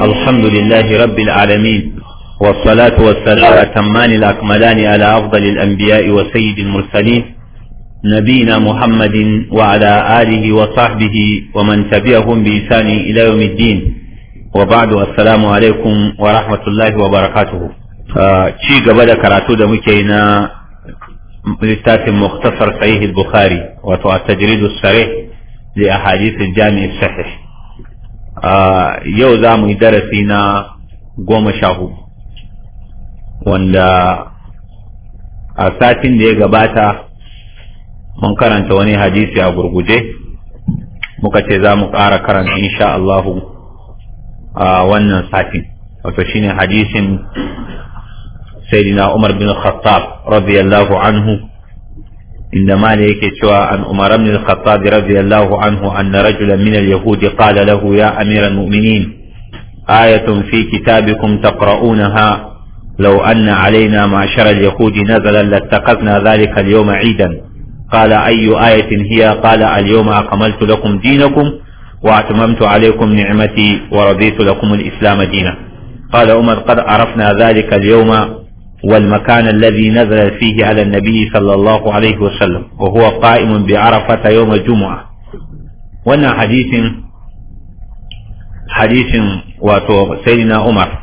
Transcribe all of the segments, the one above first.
الحمد لله رب العالمين والصلاة والسلام الأتمان الأكملان على أفضل الأنبياء وسيد المرسلين نبينا محمد وعلى آله وصحبه ومن تبعهم بإحسان إلى يوم الدين وبعد السلام عليكم ورحمة الله وبركاته آه، شيء قبل كراتو دمكينا مختصر صحيح البخاري وتو التجريد الصريح لأحاديث الجامع الصحيح yau za mu yi darasi na goma sha hudu wanda a satin da ya gabata mun karanta wani hadisi a gurguje muka ce za mu ƙara karanta insha Allahu a wannan satin wato shine hadisin sayyidina Umar bin Khattab radiyallahu anhu إنما مالك يكتوى عن عمر بن الخطاب رضي الله عنه أن رجلا من اليهود قال له يا أمير المؤمنين آية في كتابكم تقرؤونها لو أن علينا معشر اليهود نزلا لاتخذنا ذلك اليوم عيدا قال أي آية هي قال اليوم أكملت لكم دينكم وأتممت عليكم نعمتي ورضيت لكم الإسلام دينا قال عمر قد عرفنا ذلك اليوم والمكان الذي نزل فيه على النبي صلى الله عليه وسلم وهو قائم بعرفة يوم الجمعة وانا حديث حديث واتو سيدنا عمر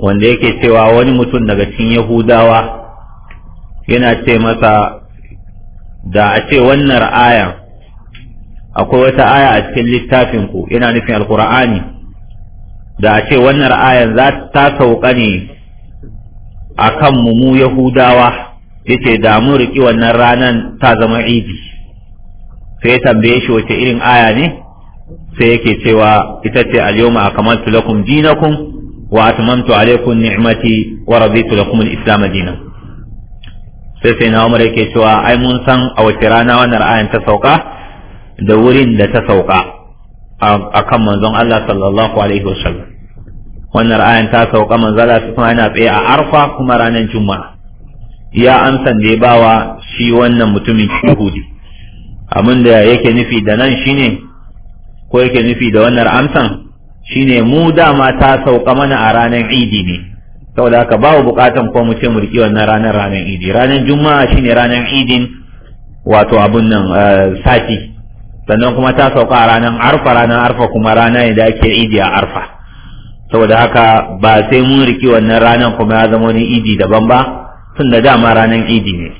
wanda yake cewa wani mutum daga cikin yahudawa yana ce da a ce wannan aya akwai wata aya a cikin littafinku yana nufin alkur'ani da a ce wannan ayan ta ne a kan mu yahudawa yace da mun riƙi wannan ranan ta zama idi sai ya tambaye shi wace irin aya ne sai yake cewa ita ce al-yawma akmaltu lakum dinakum wa atamantu alaykum ni'mati wa raditu lakum al-islam dinan sai sai na umar yake cewa ai mun san a wace rana wannan ayan ta sauka da wurin da ta sauka a kan manzon Allah sallallahu alaihi wasallam wannan ra'ayan ta sauka manzala su kuma yana tsaye a arfa kuma ranar juma'a ya amsan da bawa shi wannan mutumin yahudi abin da yake nufi da nan shine ko yake nufi da wannan amsan shine mu dama ta sauka mana a ranar idi ne saboda haka babu bukatan ko mu ce mu riki wannan ranar ranar idi ranar juma'a shine ranar idin wato abun nan eh, sati sannan kuma ta sauka a ranar arfa ranar arfa kuma rana ne da ake idi a arfa saboda haka ba sai mun riki wannan ranar kuma ya zama wani idi daban ba tun da dama ranar idi ne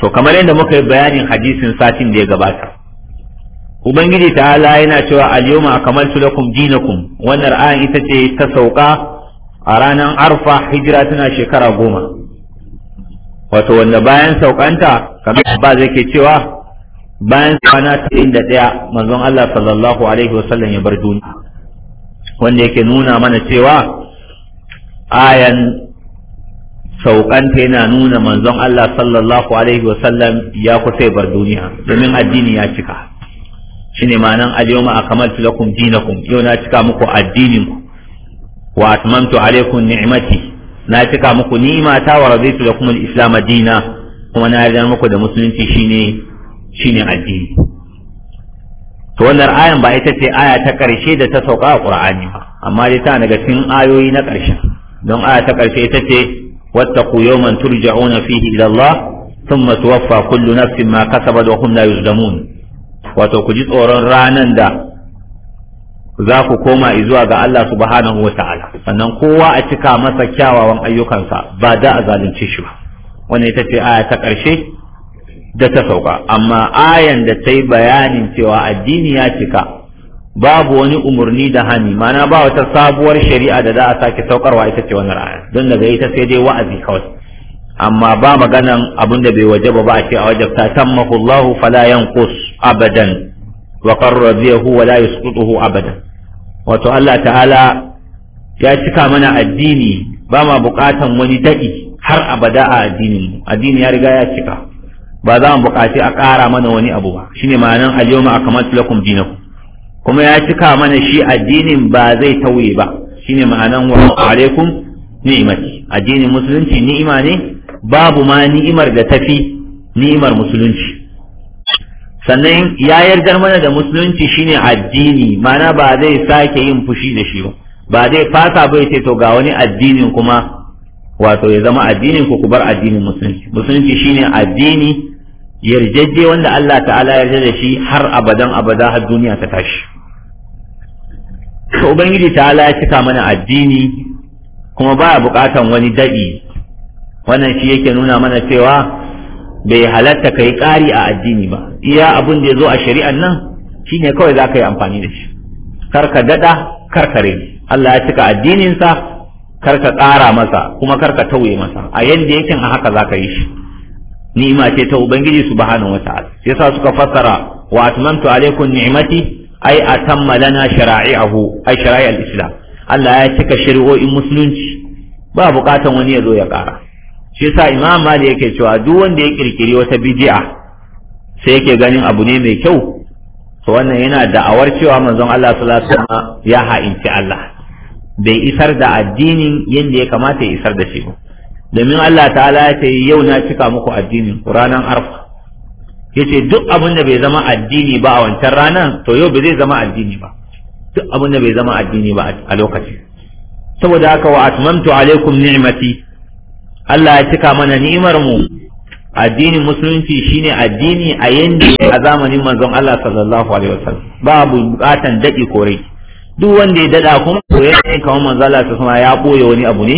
to kamar yadda muka yi bayanin hadisin satin da ya gabata ubangiji ta ala yana cewa al-yawma kamar lakum dinakum wannan ra'ayin ita ce ta sauka a ranar arfa hijira tana shekara goma wato wanda bayan saukanta kamar ba zai ke cewa bayan kwana 91 manzon Allah sallallahu alaihi wasallam ya bar duniya wanda yake nuna mana cewa ayan saukanta yana nuna manzon Allah sallallahu alaihi wasallam ya kusa bar duniya domin addini ya cika ne ma'anan al-yawma akmaltu lakum dinakum yau na cika muku addinin ku wa atmamtu alaikum ni'mati na cika muku ni'ima ta wa raditu lakum al-islam dina kuma na yarda muku da musulunci shine shine addini to wannan ayan ba ita ce aya ta ƙarshe da ta sauka a ba amma dai ta daga cikin ayoyi na ƙarshe don aya ta ƙarshe ita ce wattaqu yawman turja'una fihi ila Allah thumma tuwaffa kullu nafsin ma kasabat wa hum la yuzlamun wato ku ji tsoron ranan da za ku koma zuwa ga Allah subhanahu wa ta'ala sannan kowa a cika masa kyawawan ayyukansa ba da a zalunce shi ba wannan ita ce aya ta ƙarshe da ta sauka amma ayan da ta yi bayanin cewa addini ya cika babu wani umarni da hani mana ba wata sabuwar shari'a da za a sake saukarwa ita ce wannan aya don daga ita sai dai wa'azi kawai amma ba maganan abin da bai wajaba ba a ce a wajabta tammahu mahullahu fala yanqus abadan wa qarrabiyahu wa la abadan wato Allah ta'ala ya cika mana addini ba ma bukatan wani daɗi har abada a addinin addini ya riga ya cika ba za mu buƙaci a ƙara mana wani abu ba shine ma'anan a kamar akmaltu lakum dinakum kuma ya cika mana shi addinin ba zai tauye ba shine ma'anan wa alaikum ni'imati addinin musulunci ni'ima ne babu ma ni'imar da tafi ni'imar musulunci sannan ya yarda mana da musulunci shine addini mana ba zai sake yin fushi da shi ba ba zai fasa bai ce to ga wani addinin kuma wato ya zama addinin ku ku bar addinin musulunci musulunci shine addini yarjejje wanda Allah ta'ala yarda da shi har abadan abada har duniya ta tashi to ubangiji ta'ala ya cika mana addini kuma baya bukatan wani daɗi wannan shi yake nuna mana cewa bai halatta ka yi ƙari a addini ba iya abin da ya zo a shari'an nan shine kawai za ka yi amfani da shi kar ka daɗa kar ka rage Allah ya cika addininsa kar ka ƙara masa kuma kar ka tauye masa a yadda yake a haka za ka yi shi ni'ima ce ta ubangiji subhanahu wataala yasa suka fassara wa atmamtu alaikum ni'mati ai atamma lana shara'ihu ai shara'i al-islam Allah ya cika shari'o'in musulunci ba bukatan wani ya zo ya kara shi yasa imam mali yake cewa duk wanda ya kirkiri wata bid'a sai yake ganin abu ne mai kyau to wannan yana da'awar cewa manzon Allah sallallahu alaihi wasallam ya ha'inci Allah bai isar da addinin yadda ya kamata ya isar da shi ba domin Allah ta'ala ya ce yau na cika muku addini ranar arfa ce duk abin da bai zama addini ba a wancan ranar to yau bai zai zama addini ba duk abin da bai zama addini ba a lokaci saboda haka wa atmamtu alaikum ni'mati Allah ya cika mana ni'imar mu addinin musulunci shine addini a yanda a zamanin manzon Allah sallallahu alaihi wasallam babu bukatan dadi kore duk wanda ya dada kuma to yana kawo manzon Allah sallallahu alaihi wasallam ya boye wani abu ne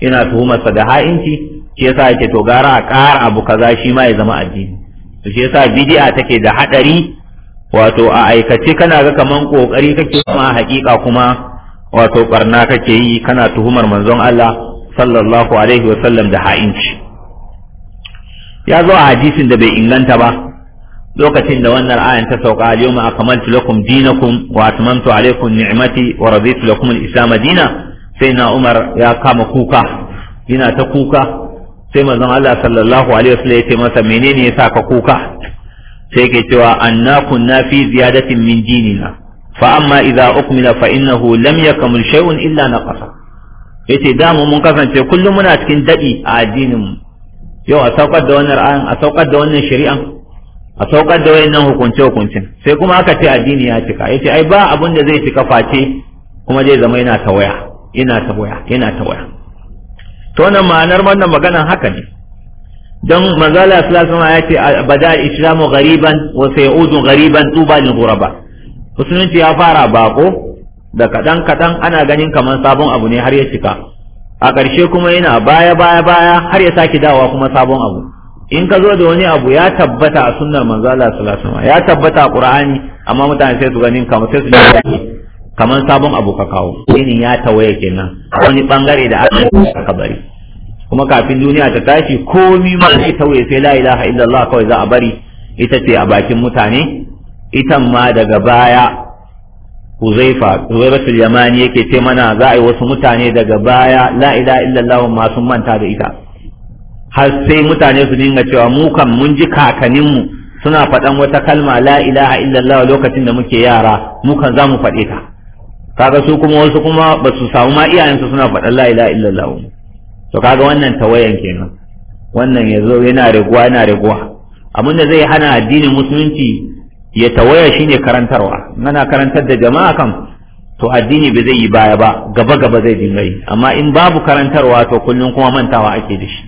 yana tuhumarsa da ha'inci shi yasa yake to gara a ƙara abu kaza shi ma ya zama addini to shi yasa bid'a take da hadari wato a aikace kana ga kaman kokari kake kuma haƙiƙa kuma wato barna kake yi kana tuhumar manzon Allah sallallahu alaihi wa sallam da ha'inci ya zo a hadisin da bai inganta ba lokacin da wannan ayan ta sauka al-yawma akmaltu lakum dinakum wa atmamtu alaykum ni'mati wa raditu lakum al-islam dinan sai na umar ya kama kuka yana ta kuka sai manzon Allah sallallahu alaihi wasallam ya ce masa menene ya sa ka kuka sai ke cewa anna kunna fi ziyadatin min jinina fa amma idza ukmila fa innahu lam yakmul shay'un illa naqasa yace da mu mun kasance kullum muna cikin dadi a addinin mu yau a saukar da wannan ra'ayin a saukar da wannan shari'an a saukar da wayannan hukunce hukuncin sai kuma aka ce addini ya cika yace ai ba abin da zai cika face kuma zai zama yana waya. yana ta waya yana ta waya to wannan ma'anar wannan magana haka ne don manzala sallallahu alaihi ya ce bada islamu ghariban wa sayudu ghariban tuba lil ghuraba musulunci ya fara bako da kadan kadan ana ganin kamar sabon abu ne har ya cika a ƙarshe kuma yana baya baya baya har ya sake dawa kuma sabon abu in ka zo da wani abu ya tabbata a sunnar manzo Allah sallallahu alaihi ya tabbata a Qur'ani amma mutane sai su ganin kamar sai su ji kamar sabon abu ka kawo shine ya tawaye kenan wani bangare da aka aka bari kuma kafin duniya ta tashi komi ma zai tawaye sai la ilaha illallah kawai za a bari ita ce a bakin mutane itan ma daga baya Huzaifa Huzaifatul Yamani yake ce mana za a yi wasu mutane daga baya la ilaha illallah ma sun manta da ita har sai mutane su dinga cewa mu kan mun ji kakanninmu suna faɗan wata kalma la ilaha illallah lokacin da muke yara mu kan za mu faɗe ta kaga su kuma wasu kuma ba su samu ma iyayensu suna faɗan la ilaha illallah to kaga wannan tawayan kenan wannan ya zo yana raguwa yana raguwa abin da zai hana addinin musulunci ya tawaya shine karantarwa ana karantar da jama'a kan to addini ba zai yi baya ba gaba gaba zai dinga yi amma in babu karantarwa to kullum kuma mantawa ake da shi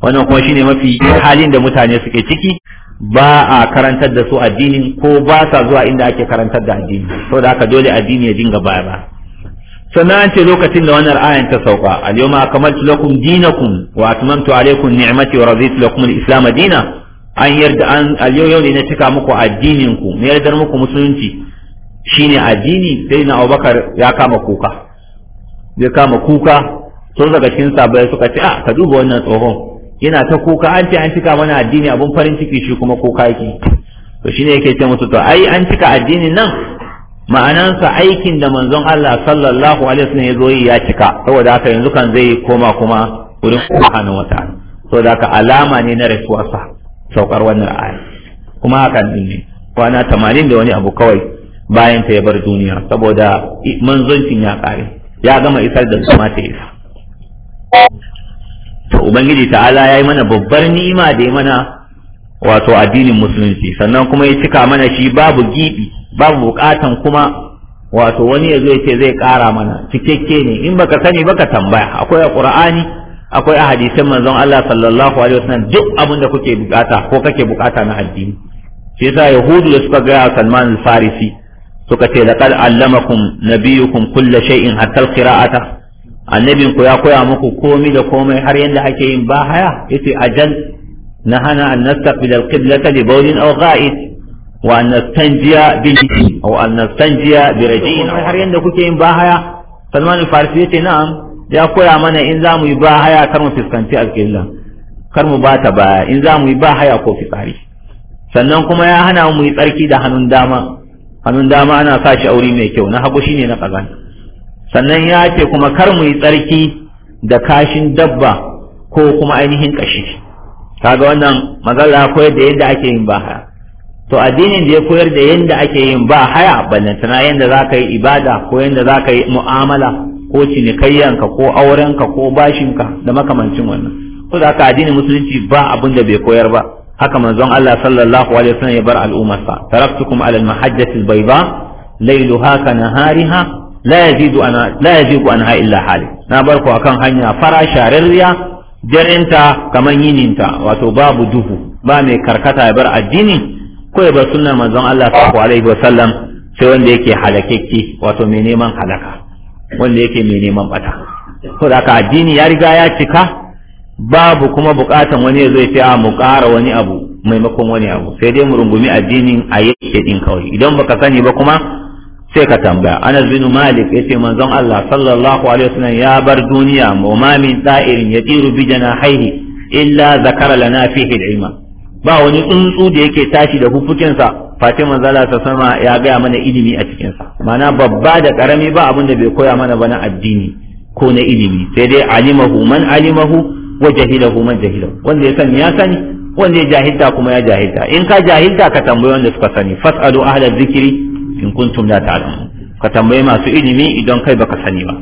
wannan kuma shine mafi halin da mutane suke ciki ba a karantar da su addinin ko ba sa zuwa inda ake karantar da addini to da haka dole addini ya dinga baya ba sannan ce lokacin da wannan ayan ta sauka al-yawma akmaltu lakum dinakum wa atmamtu alaykum ni'mati wa raditu lakum al-islam dina an yarda an al ne na cika muku addinin ku ne yarda muku musulunci shine addini sai na Abubakar ya kama kuka ya kama kuka sun daga cikin sabai suka ce a ah, ka duba wannan tsohon yana ta kuka an ce an cika mana addini abun farin ciki shi kuma kuka yake to shine yake ce musu to ai an cika addinin nan ma'anansa aikin da manzon Allah sallallahu alaihi wasallam ya zo yi ya cika saboda haka yanzu kan zai koma kuma wurin subhanahu wataala saboda haka alama ne na rasuwarsa saukar wannan aya kuma hakan din ne kwana tamanin da wani abu kawai bayan ta ya bar duniya saboda manzoncin ya kare ya gama isar da zama ta isa to ubangiji ta'ala yi mana babbar ni'ima da ya mana wato addinin musulunci sannan kuma ya cika mana shi babu gibi babu bukatan kuma wato wani ya zo ya ce zai kara mana cikakke ne in baka sani baka tambaya akwai a qur'ani akwai a manzon Allah sallallahu alaihi wasallam duk abin da kuke bukata ko kake bukata na addini sai yasa yahudu da suka ga Salman al-Farisi suka ce laqad allamakum nabiyukum kulla shay'in hatta al-qira'ata annabin ku ya koya muku komai da komai har yadda ake yin ba haya yace ajal na hana an nastaqbil alqibla li bawlin aw gha'it wa an nastanjiya bil aw an nastanjiya bi rajin har yadda kuke yin ba haya Salman al-Farisi yace na'am ya koya mana in za mu yi ba haya kar mu fiskanci alqibla kar mu bata baya in za mu yi ba haya ko fitsari sannan kuma ya hana mu yi tsarki da hannun dama hannun dama ana sa shi aure mai kyau na hagu shine na kazanta sannan ya ce kuma kar mu yi tsarki da kashin dabba ko kuma ainihin kashi kaga wannan magana koyar da yadda ake yin ba haya to addinin da ya koyar da yadda ake yin ba haya ballantana yadda za ka yi ibada ko yadda za ka yi mu'amala ko cinikayyanka ko aurenka ko bashinka da makamancin wannan ko da haka addinin musulunci ba abin da bai koyar ba haka manzon Allah sallallahu alaihi wasallam ya bar al'ummarsa taraktukum ala al-mahajjati al-bayda laylaha ka nahariha la ya ana an illa hali na bar ku akan hanya fara shararriya jarinta kaman yininta wato babu duhu ba mai karkata ya bar addini ko ya bar sunnar manzon Allah sallallahu alaihi wasallam sai wanda yake halakekki wato mai neman halaka wanda yake mai neman bata ko da addini ya riga ya cika babu kuma bukatan wani ya zo ya mu ƙara wani abu maimakon wani abu sai dai mu rungumi addinin a yake din kawai idan baka sani ba kuma sai ka tambaya anas bin malik ya ce, manzon Allah sallallahu alaihi wasallam ya bar duniya wa ma min da'irin yatiru bi janahihi illa zakara lana fihi ilma ba wani tsuntsu da yake tashi da hufukinsa face manzala ta sama ya gaya mana ilimi a cikinsa mana babba da karami ba abin da bai koya mana ba na addini ko na ilimi sai dai alimahu man alimahu wa jahilahu man jahilahu wanda ya sani ya sani wanda ya jahilta kuma ya jahilta in ka jahilta ka tambayi wanda suka sani fasalu ahla zikiri in kuntum la ta'lamun ka tambayi masu ilimi idan kai baka sani ba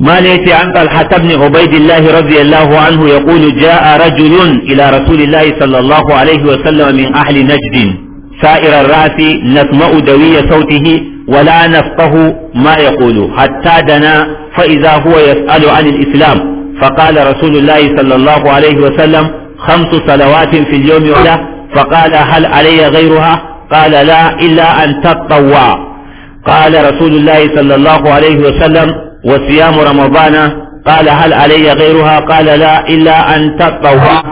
مالك عن طلحة بن عبيد الله رضي الله عنه يقول جاء رجل إلى رسول الله صلى الله عليه وسلم من أهل نجد سائر الرأس نسمع دوي صوته ولا نفقه ما يقول حتى دنا فإذا هو يسأل عن الإسلام فقال رسول الله صلى الله عليه وسلم خمس صلوات في اليوم ولا فقال هل علي غيرها قال لا إلا أن تطوع قال رسول الله صلى الله عليه وسلم وصيام رمضان قال هل علي غيرها قال لا إلا أن تطوع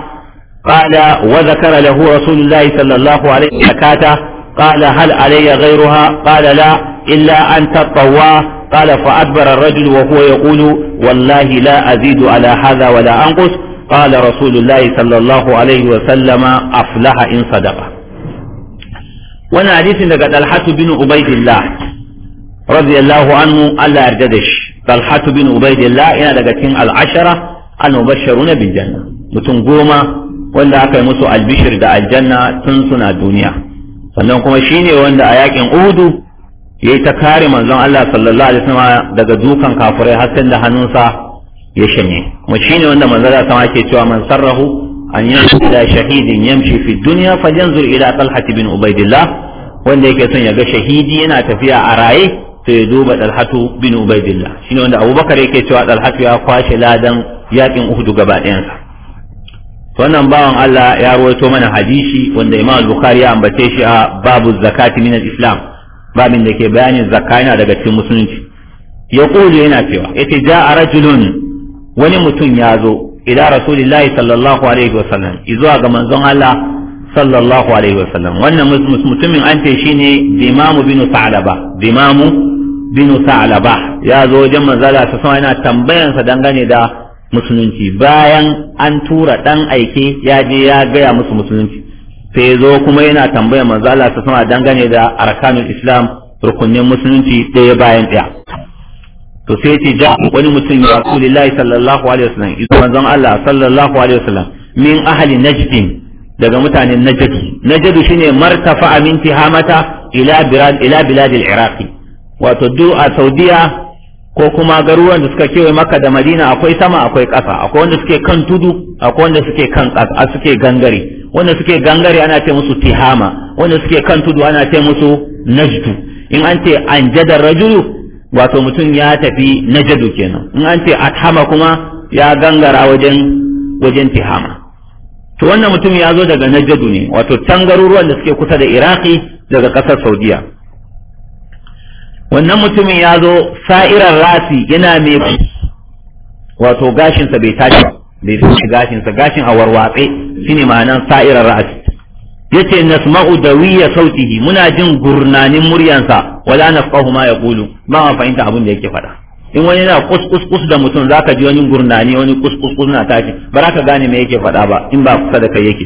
قال وذكر له رسول الله صلى الله عليه وسلم زكاته قال هل علي غيرها قال لا إلا أن تطوع قال فأدبر الرجل وهو يقول والله لا أزيد على هذا ولا أنقص قال رسول الله صلى الله عليه وسلم أفلح إن صدقه wani hadisin daga dalhatu bin ubaidillah radiyallahu anhu Allah yarda da shi dalhatu bin ubaidillah yana daga cikin al'ashara al-mubashsharuna bil janna mutum goma wanda aka yi musu albishir da aljanna tun suna duniya sannan kuma shine wanda a yakin uhudu yayi ta kare manzon Allah sallallahu alaihi wasallam daga dukan kafirai har da hannunsa ya shanye kuma shine wanda manzon Allah sama cewa man sarrahu an yanzu shahidin yamshi fi duniya fa yanzu ila talhati bin ubaidillah wanda yake son ya ga shahidi yana tafiya a raye sai ya duba talhatu bin ubaidillah shine wanda abubakar yake cewa talhatu ya kwashe ladan yakin uhudu gaba ɗayansa wannan bawan Allah ya rawaito mana hadisi wanda Imam al-Bukhari ya ambace shi a babu zakati min al-Islam babin da ke bayanin zakana daga cikin musulunci ya yana cewa yace ja'a rajulun wani mutum ya zo ila rasulillahi sallallahu alaihi wasallam izuwa ga manzon Allah sallallahu alaihi wasallam wannan mutumin an ce shine dimamu bin sa'laba dimamu bin sa'laba ya zo wajen Manzala ta sama yana tambayan sa dangane da musulunci bayan an tura dan aike ya je ya gaya musu musulunci sai zo kuma yana tambayan Manzala ta sama dangane da arkanul islam rukunin musulunci ɗaya bayan ɗaya to sai ce ja wani mutum ya lillahi sallallahu alaihi wasallam idan manzon Allah sallallahu alaihi wasallam min ahli najdin daga mutanen najdi najdu shine martafa min tihamata ila birad ila biladil iraqi wato duk a saudiya ko kuma garuruwan da suka kewaye maka da madina akwai sama akwai ƙasa akwai wanda suke kan tudu akwai wanda suke kan ƙasa suke gangare wanda suke gangare ana ce musu tihama wanda suke kan tudu ana ce musu najdu in an ce an jadar rajulu wato mutum ya tafi na jadu kenan in an ce athama kuma ya gangara wajen wajen tihama to wannan mutum ya zo daga najadu ne wato can garuruwan da suke kusa da iraki daga kasar saudiya wannan mutumin ya zo sa'irar rasi yana mai wato gashinsa bai tashi bai tashi gashinsa gashin a warwatse shine ma'anan sa'irar rasi yace nasma'u dawiya sautihi muna jin gurnanin muryansa wala nafqahu ma yaqulu ba ma fahimta abin da yake faɗa in wani yana kuskus da mutum zaka ji wani gurnani wani kuskus na tashi ba za ka gane me yake faɗa ba in ba kusa da kai yake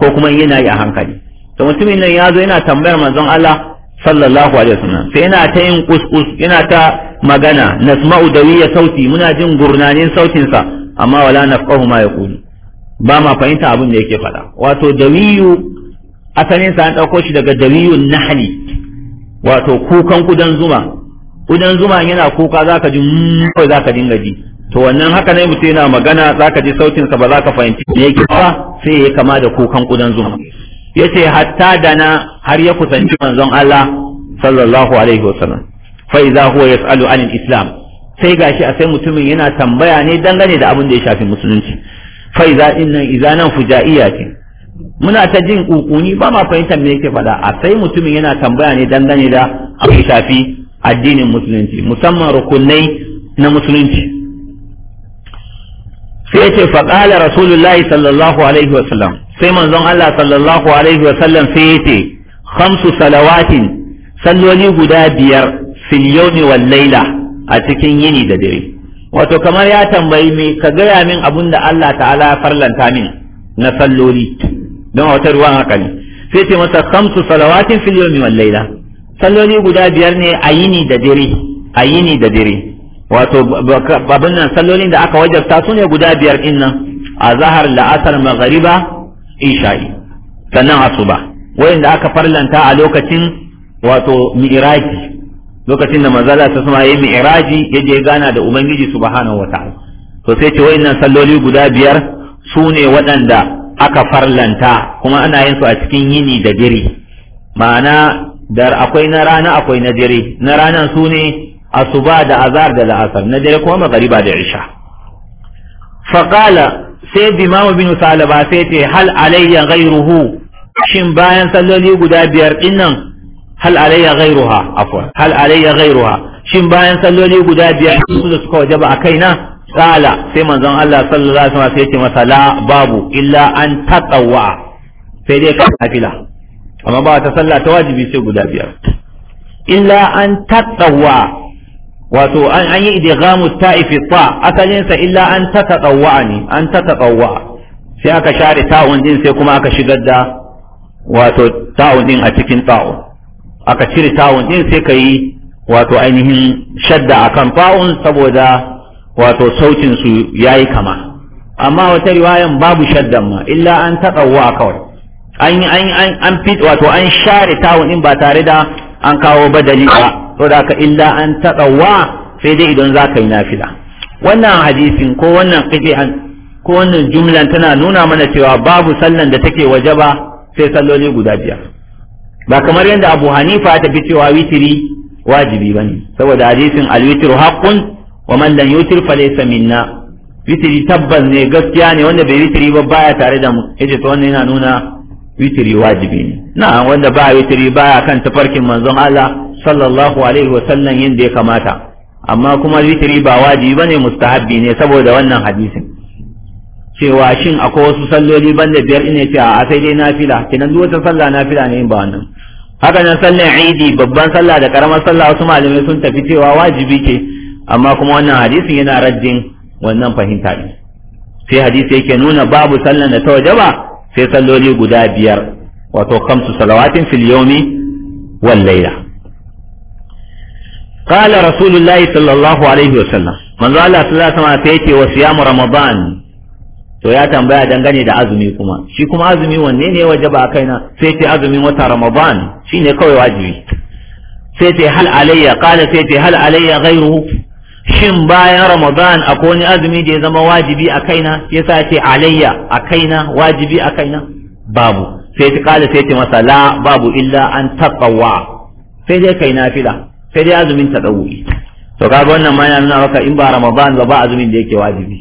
ko kuma yana yi a hankali to mutumin nan ya zo yana tambayar manzon Allah sallallahu alaihi wasallam sai yana ta yin kuskus yana ta magana nasma'u dawiya sauti muna jin gurnanin sautin sa amma wala nafqahu ma yaqulu ba ma fahimta abin da yake faɗa wato dawiyu asalin sa an ɗauko shi daga dawiyun nahli wato kukan kudan zuma kudan zuma yana kuka zaka ji mm, kawai zaka dinga ji to wannan haka ne mutum yana magana zaka ji sautin sa ba zaka fahimci me yake ba sai ya kama da kukan kudan zuma yace hatta dana har ya kusanci manzon Allah sallallahu alaihi wasallam fa idza huwa yas'alu an islam sai gashi a sai mutumin yana tambaya ne dangane da abin da ya shafi musulunci fa idza inna idza nan fujaiya ce muna ta jin kukuni ba ma fahimtar me yake faɗa a sai mutumin yana tambaya ne dangane da abin shafi addinin musulunci musamman rukunai na musulunci sai ce faƙala rasulullahi sallallahu alaihi wa sallam sai manzon Allah sallallahu alaihi wa sallam sai ya ce khamsu salawatin salloli guda biyar fil yawmi wal laila a cikin yini da dare wato kamar ya tambayi me ka gaya min abunda Allah ta'ala ya farlanta min na salloli don a wata ruwan haka ne sai ce masa kamsu salawatin filiyomi yawmi wal salloli guda biyar ne a yini da dare a yini da dare wato babin nan sallolin da aka wajabta su ne guda biyar din nan zahar la'asar maghariba isha'i sannan asuba wayanda aka farlanta a lokacin wato Mi'iraji. lokacin da manzala ta suma yi Mi'iraji yaje ya gana da ubangiji subhanahu wataala to sai ce wayannan salloli guda biyar su ne waɗanda aka farlanta kuma ana yin su a cikin yini da dare ma'ana da akwai na rana akwai na dare na ranan su ne asuba da azar da la'asar na dare kuma magariba da isha faqala sai bimamu bin salaba sai ce hal alayya ghayruhu shin bayan salloli guda biyar dinnan hal alayya ghayruha afwan hal alayya ghayruha shin bayan salloli guda biyar su da suka wajaba a kaina qala sai manzon Allah sallallahu alaihi wasallam sai ya ce masa la babu illa an tatawwa sai dai ka nafila amma ba ta sallah ta wajibi sai guda biyar illa an tatawwa wato an an yi idghamu ta'i fi ta asalin sa illa an tatatawwa ne an tatatawwa sai aka share ta'un din sai kuma aka shigar da wato ta'un din a cikin ta'un aka cire ta'un din sai kai wato ainihin shadda akan ta'un saboda wato sautin su yi kama amma wata riwayan babu shaddan ma illa an taqawwa kawai an an an fit wato an share tawun ɗin ba tare da an kawo badali ba to da ka illa an wa sai dai idan za ka yi nafila wannan hadisin ko wannan qit'an ko wannan jumlan tana nuna mana cewa babu sallan da take wajaba sai salloli guda biyar ba kamar yadda abu hanifa ta fi cewa witiri wajibi ba ne saboda hadisin alwitiru haqqun wa man lam yutir fa laysa minna witiri tabbas ne gaskiya ne wanda bai witiri ba baya tare da mu yace to wannan yana nuna witiri wajibi ne na wanda ba witiri baya kan tafarkin manzon Allah sallallahu alaihi wa sallam yanda ya kamata amma kuma witiri ba wajibi bane mustahabi ne saboda wannan hadisin cewa shin akwai wasu salloli banda biyar ina ce a sai dai nafila kenan duk wata sallah nafila ne ba wannan haka nan sallar idi babban sallah da karamar sallah wasu malamai sun tafi cewa wajibi ce amma kuma wannan hadisin yana raddin wannan fahimta ne sai hadisi yake nuna babu sallan da ta ba sai salloli guda biyar wato kamsu salawatin fil yawmi wal layla qala rasulullahi sallallahu alaihi wasallam manzo Allah sallallahu alaihi wasallam sai yake wa siyamu ramadan to ya tambaya dangane da azumi kuma shi kuma azumi wanne ne wajaba a kaina sai ce azumin wata ramadan shine kawai wajibi sai ce hal alayya qala sai ce hal alayya ghayruhu shin bayan ramadan akwai wani azumi da ya zama wajibi a kaina sa ce alayya a kaina wajibi a kaina babu sai ta kala sai ta masa la babu illa an taqawa sai dai kai nafila sai dai azumin tadawwi to kaga wannan ma yana nuna maka in ba ramadan ba ba azumin da yake wajibi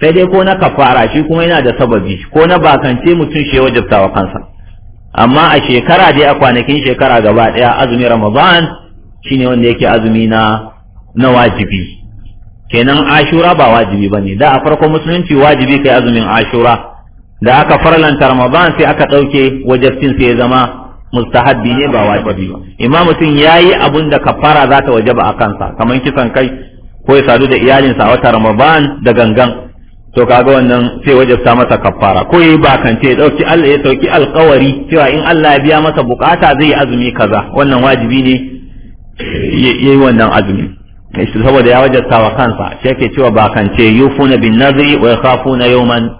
sai dai ko na kafara shi kuma yana da sababi ko na bakance mutum shi ya wajabta wa kansa amma a shekara dai a kwanakin shekara gaba daya azumin ramadan shine wanda yake azumi na na wajibi kenan ashura ba wajibi ba ne da a farkon musulunci wajibi kai azumin ashura da aka farlanta ramadan sai aka ɗauke wajabcin sai ya zama mustahabbi ne ba wajibi ba imam mutum ya yi abin da kafara za ta wajaba a kansa kamar kisan kai ko ya sadu da iyalinsa a wata ramadan da gangan to kaga wannan sai wajabta masa kafara ko yayi bakance ya dauki Allah ya dauki alƙawari cewa in Allah ya biya masa bukata zai yi azumi kaza wannan wajibi ne yayi wannan azumi saboda ya wajasta wa kansa shi yake cewa ba kance yufuna bin nadri wa yakhafuna yawman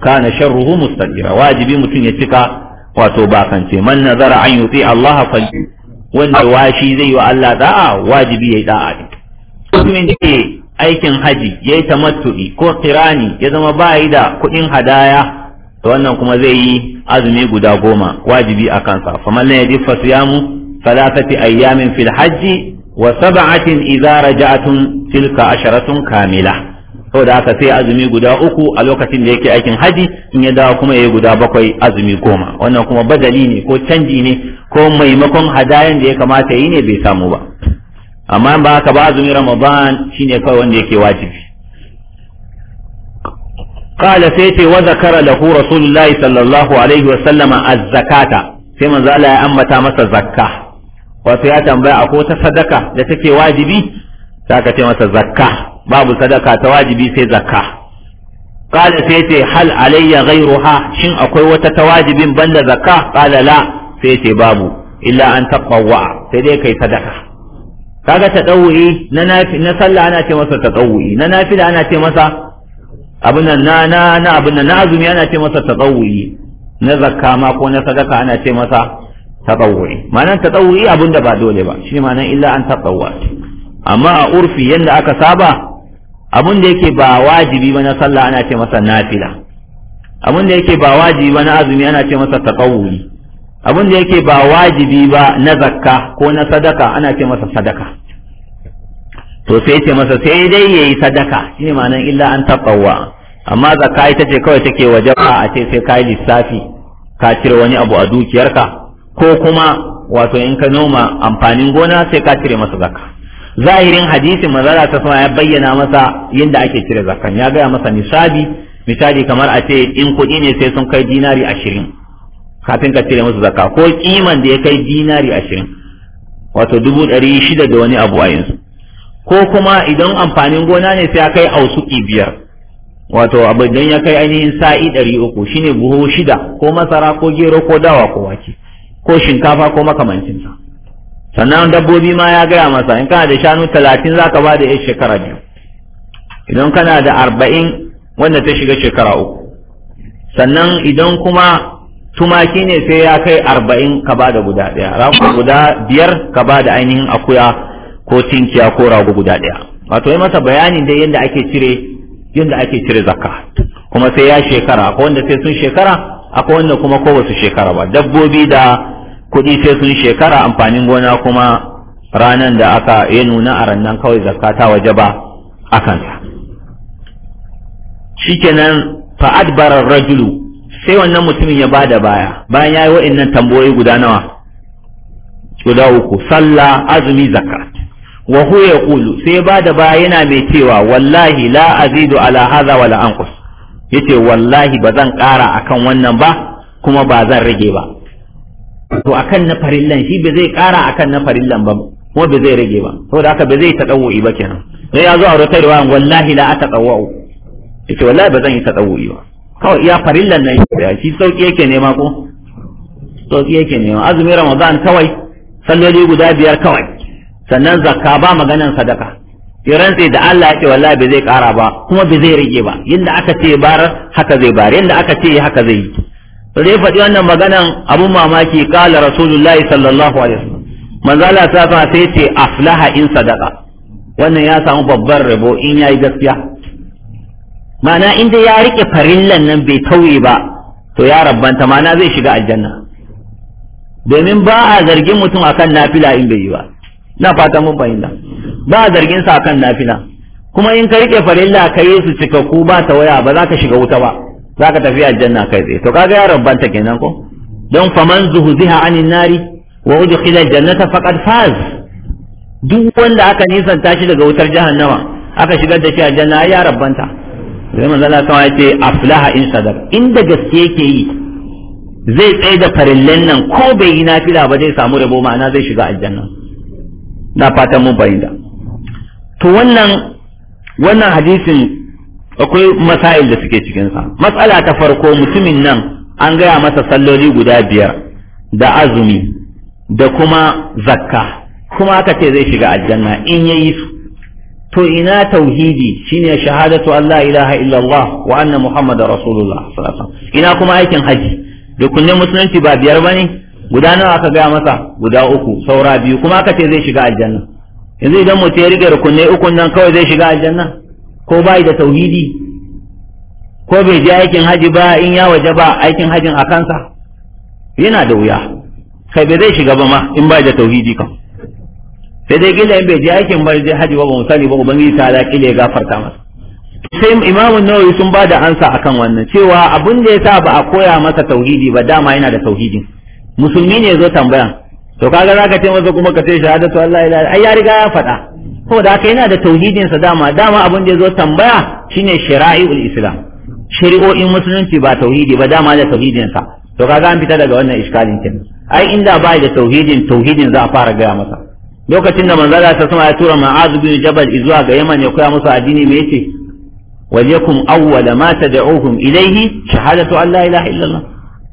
kana sharruhu mustaqira wajibi mutum ya cika wato ba kance man nazara an yuti Allah fal wanda washi zai wa Allah da'a wajibi yayi da'a mutumin da ke aikin haji yayi tamattu'i ko kirani ya zama bayi da kuɗin hadaya da wannan kuma zai yi azumi guda goma wajibi a kansa faman la yajid fasiyamu thalathati ayyamin fil hajji wa sab'atin idza raja'atun tilka asharatun kamila saboda aka sai azumi guda uku a lokacin da yake aikin haji in ya dawo kuma yayi guda bakwai azumi goma wannan kuma badali ne ko canji ne ko maimakon hadayan da ya kamata yi ne bai samu ba amma ba ka ba azumin ramadan shine kawai wanda yake wajibi قال سيتي وذكر له رسول الله صلى الله عليه وسلم الزكاة في من زال أمتا مس الزكاة wato ya tambaya akwai wata sadaka da take wajibi sai ka ce masa zakka babu sadaka ta wajibi sai zakka Kada sai ce hal alayya ghayruha shin akwai wata ta wajibin banda zakka Kada la sai ce babu illa an taqawwa sai dai kai sadaka kaga tadawwi na nafi na sallah ana ce masa tadawwi na nafila ana ce masa abin nan na na na abin nan na azumi ana ce masa tadawwi na zakka ma ko na sadaka ana ce masa tatawuri ma'anar tatawuri abin da ba dole ba shi ma'anar illa an tatawwa amma a urfi yadda aka saba abin da yake ba wajibi ba na sallah ana ce masa nafila abin da yake ba wajibi ba na azumi ana ce masa tatawuri abin da yake ba wajibi ba na zakka ko na sadaka ana ce masa sadaka to sai ce masa sai dai yayi sadaka shine ma'anar illa an tatawwa amma zakka ita ce kawai take wajaba a ce sai kai lissafi ka cire wani abu a dukiyarka ko kuma wato in ka noma amfanin gona sai ka cire masa zakka zahirin hadisin manzala ta sama ya bayyana masa yadda ake cire zakkan ya gaya masa misali misali kamar a ce in kuɗi ne sai sun kai dinari ashirin kafin ka cire masa zakka ko kiman da ya kai dinari ashirin wato dubu ɗari shida da wani abu a yanzu ko kuma idan amfanin gona ne sai ya kai ausuki biyar wato abu idan ya kai ainihin sa'i ɗari uku shine buhu shida ko masara ko gero ko dawa ko wake ko shinkafa ko makamancinsa sannan dabbobi ma ya gaya masa in kana da shanu talatin za ka ba da yan shekara biyu idan kana da arba'in wanda ta shiga shekara uku sannan idan kuma tumaki ne sai ya kai arba'in ka ba da guda ɗaya rago guda biyar ka ba da ainihin akuya ko tinkiya ko rago guda ɗaya wato yi masa bayanin dai yadda ake cire yadda ake cire zakka kuma sai ya shekara ko wanda sai sun shekara akwai wanda kuma ko wasu shekara ba dabbobi da kuɗi sai sun shekara amfanin gona kuma ranar da aka ya nuna a rannan kawai zakka ta waje ba a kansa shikenan fa'ad adbara rajulu sai wannan mutumin ya ba da baya bayan ya yi wa'annan tambayoyi guda nawa guda uku sallah azumi zakka wa huwa yaqulu sai ba da baya yana mai cewa wallahi la azidu ala hadha wala anqus yace wallahi ba zan ƙara akan wannan ba kuma ba zan rage ba to akan na farillan shi ba zai ƙara akan na farillan ba kuma ba zai rage ba saboda haka ba zai taɗawu'i ba kenan sai ya zo a rotar wa wallahi la ataqawwa'u yace wallahi ba zan yi taɗawu'i ba kawai iya farillan nan shi sauki yake nema ko sauki yake nema azumi ramadan kawai salloli guda biyar kawai sannan zakka ba maganan sadaka ya sai da Allah ya ce wallahi bai zai kara ba kuma bai zai rage ba yadda aka ce bar haka zai bar yadda aka ce haka zai yi to dai faɗi wannan maganan abu mamaki kala rasulullahi sallallahu alaihi wasallam manzo Allah ta fa sai ce aflaha in sadaqa wannan ya samu babbar rabo in yayi gaskiya ma'ana inda ya rike farillan nan bai tauye ba to ya rabbanta ma'ana zai shiga aljanna domin ba a zargin mutum akan nafila in bai yi ba na fata mun fahimta ba zargin sa kan nafila kuma in ka rike farilla ka yi su cika ku ba ta waya ba za ka shiga wuta ba za ka tafi aljanna kai tsaye to kaga ya rabbanta kenan ko don faman zuhziha anin nari wa udkhila jannata faqad faz duk wanda aka nisanta shi daga wutar jahannama aka shigar da shi aljanna ya rabbanta sai manzo Allah ta ce aflaha in in inda gaske yake yi zai tsaye da farillan nan ko bai yi nafila ba zai samu rabo ma'ana zai shiga aljanna na fatan mun bayyana to wannan wannan hadisin akwai masail da suke cikinsa matsala ta farko mutumin nan an gaya masa salloli guda biyar da azumi da kuma zakka kuma aka ce zai shiga aljanna in yayi su to ina tauhidi shine shahadatu Allah ilaha illallah wa anna muhammadar rasulullah sallallahu ina kuma aikin haji rukunin musulunci ba biyar bane guda nawa aka gaya masa guda uku saura biyu kuma aka ce zai shiga aljanna yanzu idan mutum ya riga rukunai ukun nan kawai zai shiga aljanna ko bai da tauhidi ko bai je aikin haji ba in ya waje ba aikin hajin a kansa yana da wuya kai bai zai shiga ba ma in bai da tauhidi kan sai dai gila in bai je aikin ba zai haji ba ba musali sani ba ubangiji ta ala kila ya gafarta masa sai imamun nawawi sun ba da ansa akan wannan cewa abin da ya sa ba a koya masa tauhidi ba dama yana da tauhidin musulmi ne zo tambaya to kaga zaka ce masa kuma ka ce shahadatu Allah ila ai ya riga ya faɗa da kai yana da tauhidin sa dama dama abin da zo tambaya shine shara'iul islam shari'o'in musulunci ba tauhidi ba dama da tauhidin sa to kaga an fita daga wannan iskalin kin ai inda ba da tauhidin tauhidin za a fara gaya masa lokacin da Allah ta sama ya tura ma'azu bin jabal izuwa ga yaman ya koya musu addini me yake wal yakum awwala ma tad'uhum ilayhi shahadatu an la ilaha illallah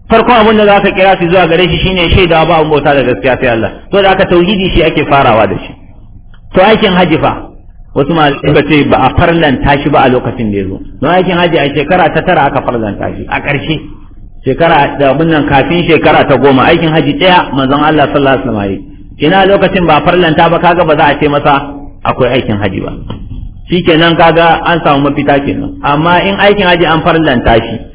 farko abin da za ka kira su zuwa gare shi shine shaida ba an bauta da gaskiya sai Allah to da aka tauhidi shi ake farawa da shi to aikin haji fa wasu ma ba ce ba a farlanta shi ba a lokacin da ya zo don aikin haji a shekara ta tara aka farlanta shi a ƙarshe shekara da abin nan kafin shekara ta goma aikin haji ɗaya manzon Allah sallallahu alaihi wasallam ina lokacin ba farlanta ba kaga ba za a ce masa akwai aikin haji ba shikenan kaga an samu mafita kenan amma in aikin haji an farlanta shi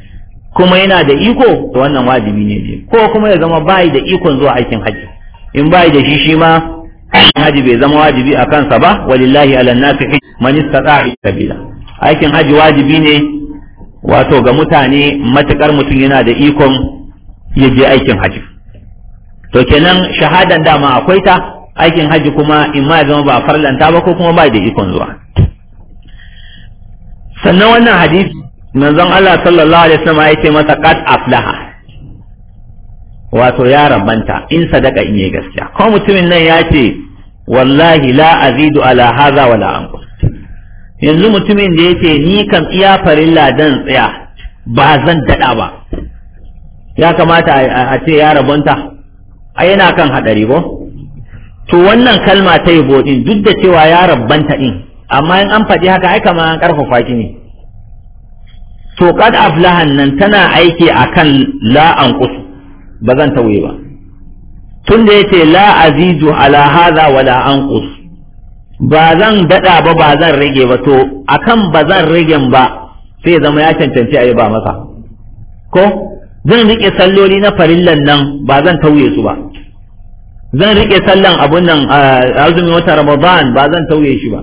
kuma yana da iko to wannan wajibi ne je ko kuma ya zama bai da ikon zuwa aikin haji in bai da shi shi ma aikin haji bai zama wajibi a kansa ba walillahi ala nasi man istata'a sabila aikin haji wajibi ne wato ga mutane matakar mutum yana da ikon ya je aikin haji to kenan shahadan dama akwai ta aikin haji kuma in ma ya zama ba farlanta ba ko kuma bai da ikon zuwa sannan wannan hadisi manzon Allah sallallahu alaihi wasallam ya ce masa qad aflaha wato ya rabanta in sadaka in yi gaskiya ko mutumin nan ya ce wallahi la azidu ala hadha wala anqus yanzu mutumin da yace ni kan iya farin ladan tsaya ba zan dada ba ya kamata a ce ya rabanta a yana kan hadari ko to wannan kalma ta yabo din duk da cewa ya rabanta din amma in an faɗi haka ai kamar an karfafa ki ne to kad aflahan nan tana aiki akan la anqus ba zan tauye ba tun da yace la azizu ala hadha wala anqus ba zan dada ba ba zan rage ba to akan ba zan rage ba sai zama ya cancanci a yi ba masa ko zan rike salloli na farillan nan ba zan tauye su ba zan rike sallan abun nan azumin wata ramadan ba zan tauye shi ba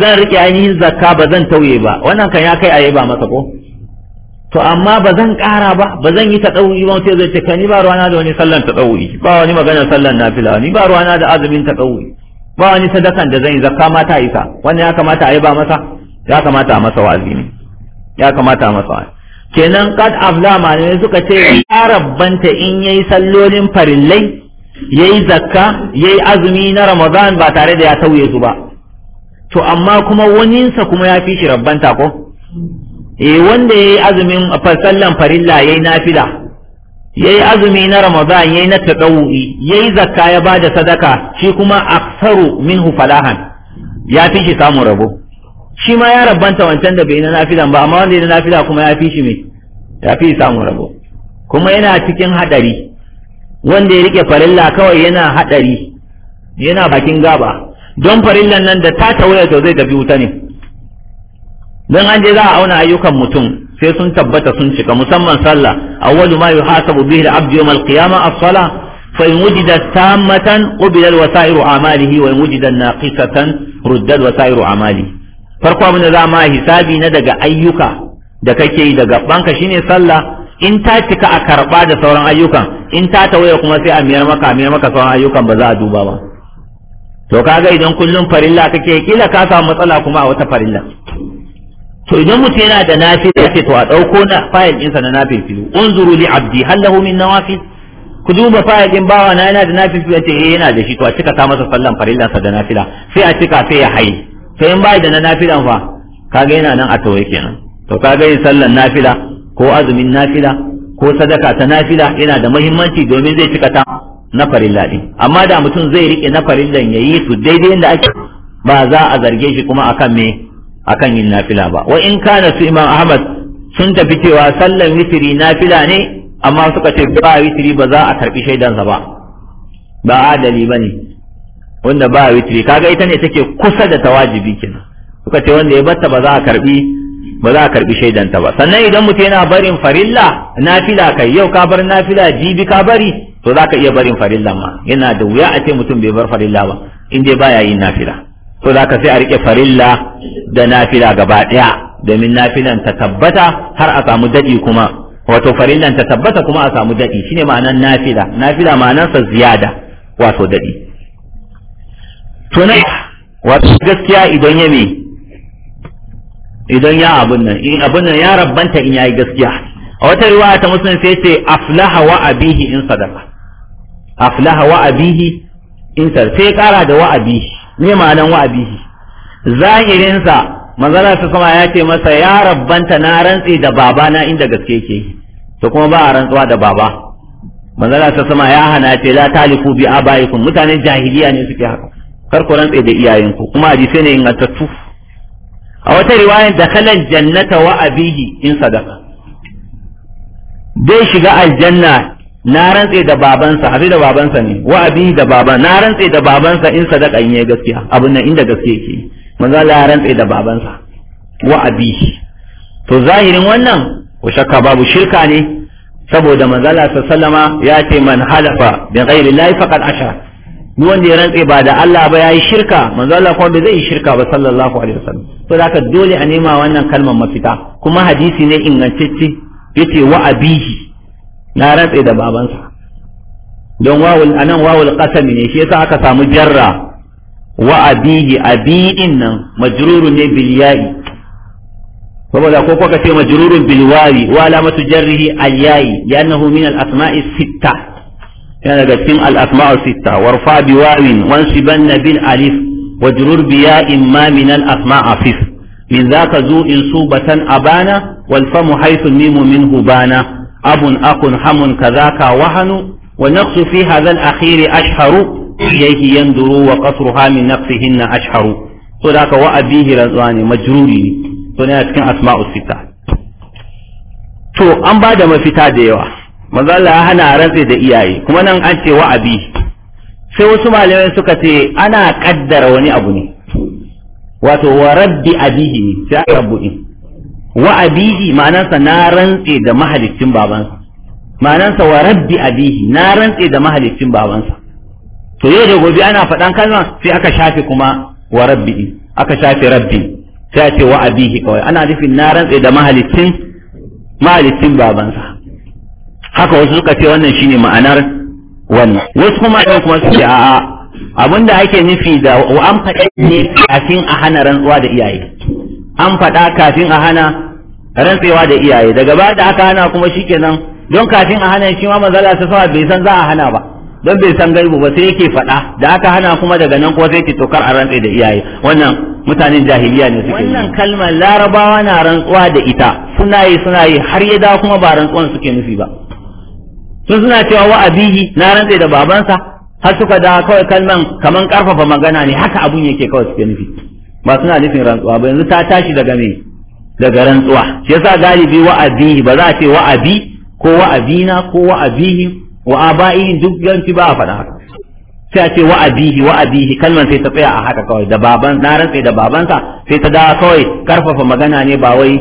zan rike ainihin zakka ba zan tauye ba wannan kan ya kai a yi ba masa ko to amma ba zan ƙara ba ba zan yi taɗawu'i ba sai zai ce kai ni ba ruwana da wani sallan taɗawu'i ba wani maganar sallan na fila ni ba ruwana da azumin taɗawu'i ba wani sadakan da zan yi zakka ma ta isa wannan ya kamata a yi ba masa ya kamata a masa wa'azi ne ya kamata a masa wa'azi kenan kad afla ne suka ce ya rabbanta in yayi sallolin farillai yayi zakka yayi azumi na ramadan ba tare da ya tauye su ba to amma kuma waninsa kuma ya fi shi rabbanta ko eh wanda yayi azumin sallan farilla yayi nafila yayi azumi na ramadan yayi na tadawu'i yayi zakka ya bada sadaka shi kuma aksaru minhu falahan ya fi shi samun rabo shi ma ya rabanta wancan da bai na nafilan ba amma wanda ya nafila kuma ya fi shi me ya fi samun rabo kuma yana cikin hadari wanda ya rike farilla kawai yana hadari yana bakin gaba don farillan nan da ta tawaya to zai tafi wuta ne dan an je za a auna ayyukan mutum sai sun tabbata sun cika musamman sallah awwalu ma yuhasabu bihi al-abdu yawm al-qiyamah as-salah fa in wujidat tammatan qubila al-wasa'iru amalihi wa in wujidat naqisatan ruddat wasa'iru amalihi farko abin da za ma hisabi na daga ayyuka da kake yi daga banka shine sallah in ta cika a karba da sauran ayyukan in ta tawaye kuma sai a miyar maka a miyar maka sauran ayyukan ba za a duba ba to kaga idan kullum farilla kake kila ka samu matsala kuma a wata farilla to idan mutum yana da nafila ce to a ɗauko na fayil ɗinsa na nafilu unzuru li abdi hal min nawafil ku duba fayil ɗin bawa na yana da nafilu ce eh yana da shi to a cika ta masa sallan farillansa da nafila sai a cika sai ya haye to in bai da na nafilan fa kaga yana nan a tawaye kenan to kaga yin sallan nafila ko azumin nafila ko sadaka ta nafila yana da muhimmanci domin zai cika ta na farilla ɗin amma da mutum zai rike na farillan yayi su daidai inda ake ba za a zarge shi kuma akan me akan yin nafila ba wa in kana su imam ahmad sun tafi cewa sallan witiri nafila ne amma suka ce ba witiri ba za a karbi shaidansa ba ba adali bane wanda ba witiri kaga ita ne take kusa da tawajibi kenan suka ce wanda ya batta ba za a karbi ba za a karbi shaidanta ba sannan idan mutum yana barin farilla nafila kai yau ka bar nafila jibi ka bari to za ka iya barin farilla ma yana da wuya a ce mutum bai bar farilla ba in dai baya yin nafila to za ka sai a rike farilla da nafila gaba ɗaya domin nafilan ta tabbata har a samu daɗi kuma wato farillan ta tabbata kuma a samu daɗi shine ma'anar nafila nafila ma'anarsa ziyada wato daɗi to na wato gaskiya idan ya me idan ya abun nan in abun nan ya rabbanta in yayi gaskiya a wata riwaya ta muslim sai ce aflaha wa abihi in sadaka aflaha wa abihi in sadaka sai kara da wa abihi me ma'anar wa abihi zahirinsa manzala ta sama ya ce masa ya rabbanta na rantsi da baba na inda gaske ke to kuma ba a rantsuwa da baba manzala ta sama ya hana ce la talifu bi abaikum mutanen jahiliya ne suke haka kar ku rantsi da iyayenku kuma a jise ne ingantattu a wata riwayar da kalan jannata wa abihi in sadaka dai shiga aljanna na rantsi da babansa abi da babansa ne wa abi da baba na rantsi da babansa in sadaka in yayi gaskiya abun nan inda gaske yake manzo Allah ya rantsa da babansa wa abihi to zahirin wannan ko shakka babu shirka ne saboda manzo Allah sallama ya ce man halafa bi ghairi llahi faqad asha Ni wanda ya rantsa ba da Allah ba yayi shirka manzo Allah kuma bai zai shirka ba sallallahu alaihi wasallam to da ka dole a nema wannan kalmar mafita kuma hadisi ne ingantacce yace wa abihi na rantsa da babansa don wawul anan wawul qasami ne shi yasa aka samu jarra wa abihi abi'in nan majrurun ne bil ya'i saboda ko kuka ce majrurun bil wawi wa alamatu jarrihi al ya'i li'annahu min al asma'i sitta yana daga cikin al asma'u sitta warfa bi wawin wansibanna bil alif wajrur bi ya'in ma min al asma'a fis من ذاك ذو إنسوبة أبانا والفم حيث الميم منه بانا أب أق حم كذاك وهن ونقص في هذا الأخير أشهر ilayhi yanzuru wa qasruha min na ashharu to da ka wa abihi razwani majruri ne to ne a cikin asma'u sita to an ba da mafita da yawa manzo Allah ya hana rantse da iyaye kuma nan an ce wa abi sai wasu malamai suka ce ana kaddara wani abu ne wato wa rabbi abihi ne sai aka rubuce wa abihi ma'anarsa na rantse da mahalicin babansa ma'anarsa wa rabbi abihi na rantse da mahalicin babansa to yau da gobe ana faɗan kalma sai aka shafe kuma wa rabbi aka shafe rabbi sai ce wa abihi kawai ana nufin na rantse da mahalicin mahalicin babansa haka wasu suka ce wannan shine ma'anar wannan wasu kuma ɗan kuma su ce a'a abinda ake nufi da an faɗa ne kafin a hana rantsuwa da iyaye an faɗa kafin a hana rantsewa da iyaye daga baya da aka hana kuma shikenan don kafin a hana shi ma mazala ta sawa bai san za a hana ba don bai san gaibu ba sai yake faɗa da aka hana kuma daga nan ko sai ki tokar a rantse da iyaye wannan mutanen jahiliya ne suke wannan kalmar larabawa na rantsuwa da ita suna yi suna yi har ya da kuma ba rantsuwan suke nufi ba sun suna cewa wa abihi na rantse da babansa har suka da kawai kalman kaman karfafa magana ne haka abun yake kawai suke nufi ba suna nufin rantsuwa ba yanzu ta tashi daga me daga rantsuwa shi yasa galibi wa abihi ba za a ce wa abi ko wa abina ko wa abihi wa aba'ihim duk yanci ba a faɗa haka sai a ce wa abihi wa abihi kalman sai ta tsaya a haka kawai da baban na rantse da babansa sai ta dawo kawai karfafa magana ne ba wai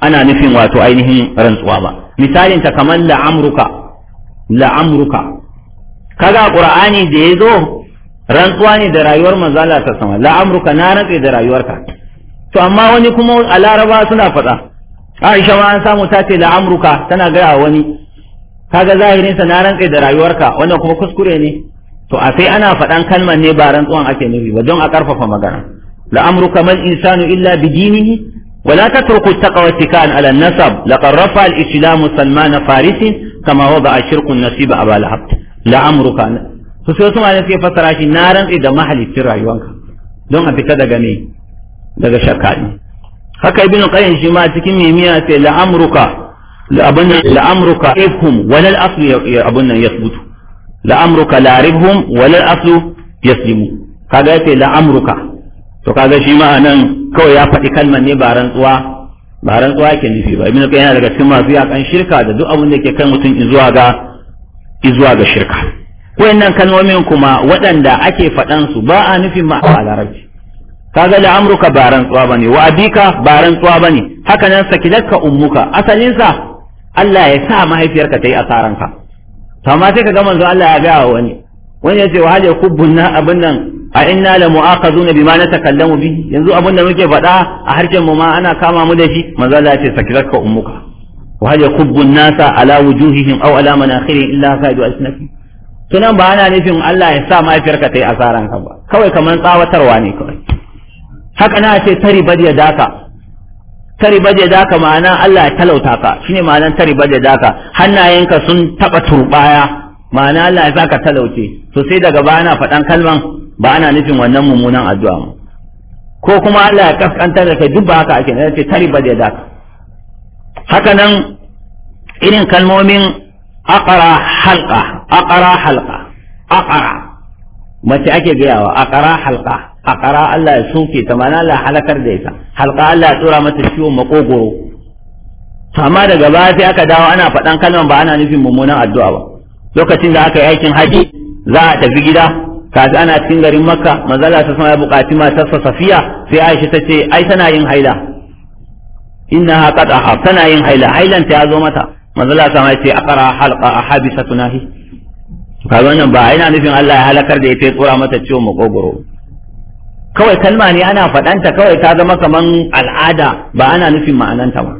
ana nufin wato ainihin rantsuwa ba misalin ta kamar la amruka la amruka kaga qur'ani da yazo rantsuwa ne da rayuwar manzala ta sama la amruka na rantse da rayuwarka to amma wani kuma a laraba suna faɗa Aisha ma an samu ta ce la amruka tana gaya wani kaga zahirin sa na rantse da rayuwarka wannan kuma kuskure ne to a sai ana faɗan kalman ne ba rantsuwan ake nufi ba don a karfafa magana la amruka man insanu illa bi dinihi ولا تتركوا التقوى اتكاء على النسب لقد رفع الإسلام سلمان فارس كما وضع الشرك النسيب أبا لهب لعمرك فسيوتم على نسي فتراشي نارا إذا محل السر عيوانك دون أبتا دقمي دقا شكاني هكا ابن القيم شما تكمي مياتي لعمرك abin la'amruka ifhum walal aslu abin nan yasbutu la'amruka laribhum walal aslu yaslimu kaga yace la'amruka to kaga shi ma anan kawai ya faɗi kalmar ne ba rantsuwa ba rantsuwa yake nufi ba ibn qayyim yana daga cikin masu yakan shirka da duk abin da yake kan mutum zuwa ga zuwa ga shirka wayannan kalmomin kuma waɗanda ake faɗan su ba a nufin ma a larabci kaga la'amruka ba rantsuwa bane wa abika ba rantsuwa bane haka nan sakilatka ummuka asalinsa? Allah ya sa mahaifiyarka ta yi asaranka to amma sai ka ga manzo Allah ya ga wani wani ya ce wa hal yakubbun na abin nan a inna la mu'aqazuna bima natakallamu bi yanzu abin da muke faɗa a harkar mu ma ana kama mu da shi manzo Allah ya ce sakiraka ummuka wa hal yakubbun nasa ala wujuhihim aw ala manakhirihim illa kaidu asnafi tunan ba ana nufin Allah ya sa mahaifiyarka ta yi asaranka ka ba kawai kamar tsawatarwa ne kawai haka na ce tari bad ya daka tari baje daka ma'ana Allah ya talauta ka shine ma'anan tari baje daka hannayenka sun taba turbaya ma'ana Allah ya zaka talauce to sai daga ba ana faɗan kalman ba ana nufin wannan mummunan addu'a ko kuma Allah ya kaskantar da kai duk ba haka ake nace tari baje daka haka nan irin kalmomin aqra halqa aqra halqa aqra mace ake gayawa aqra halqa ƙara Allah ya soke ta mana Allah halakar da ita halka Allah ya tsora mata ciwon makogoro amma daga baya sai aka dawo ana faɗan kalman ba ana nufin mummunan addu'a ba lokacin da aka yi aikin haji za a tafi gida kafi ana cikin garin makka manzala ta sama ya buƙaci matarsa safiya sai aisha ta ce ai tana yin haila inna qad ta tana yin haila hailan ta zo mata manzala ta sama ya ce aqra halqa ahabisatunahi kaga wannan ba ina nufin Allah ya halakar da ita ya tsora mata ciwon makogoro kawai kalma ne ana faɗanta kawai ta zama kaman al'ada ba ana nufin ma'ananta ba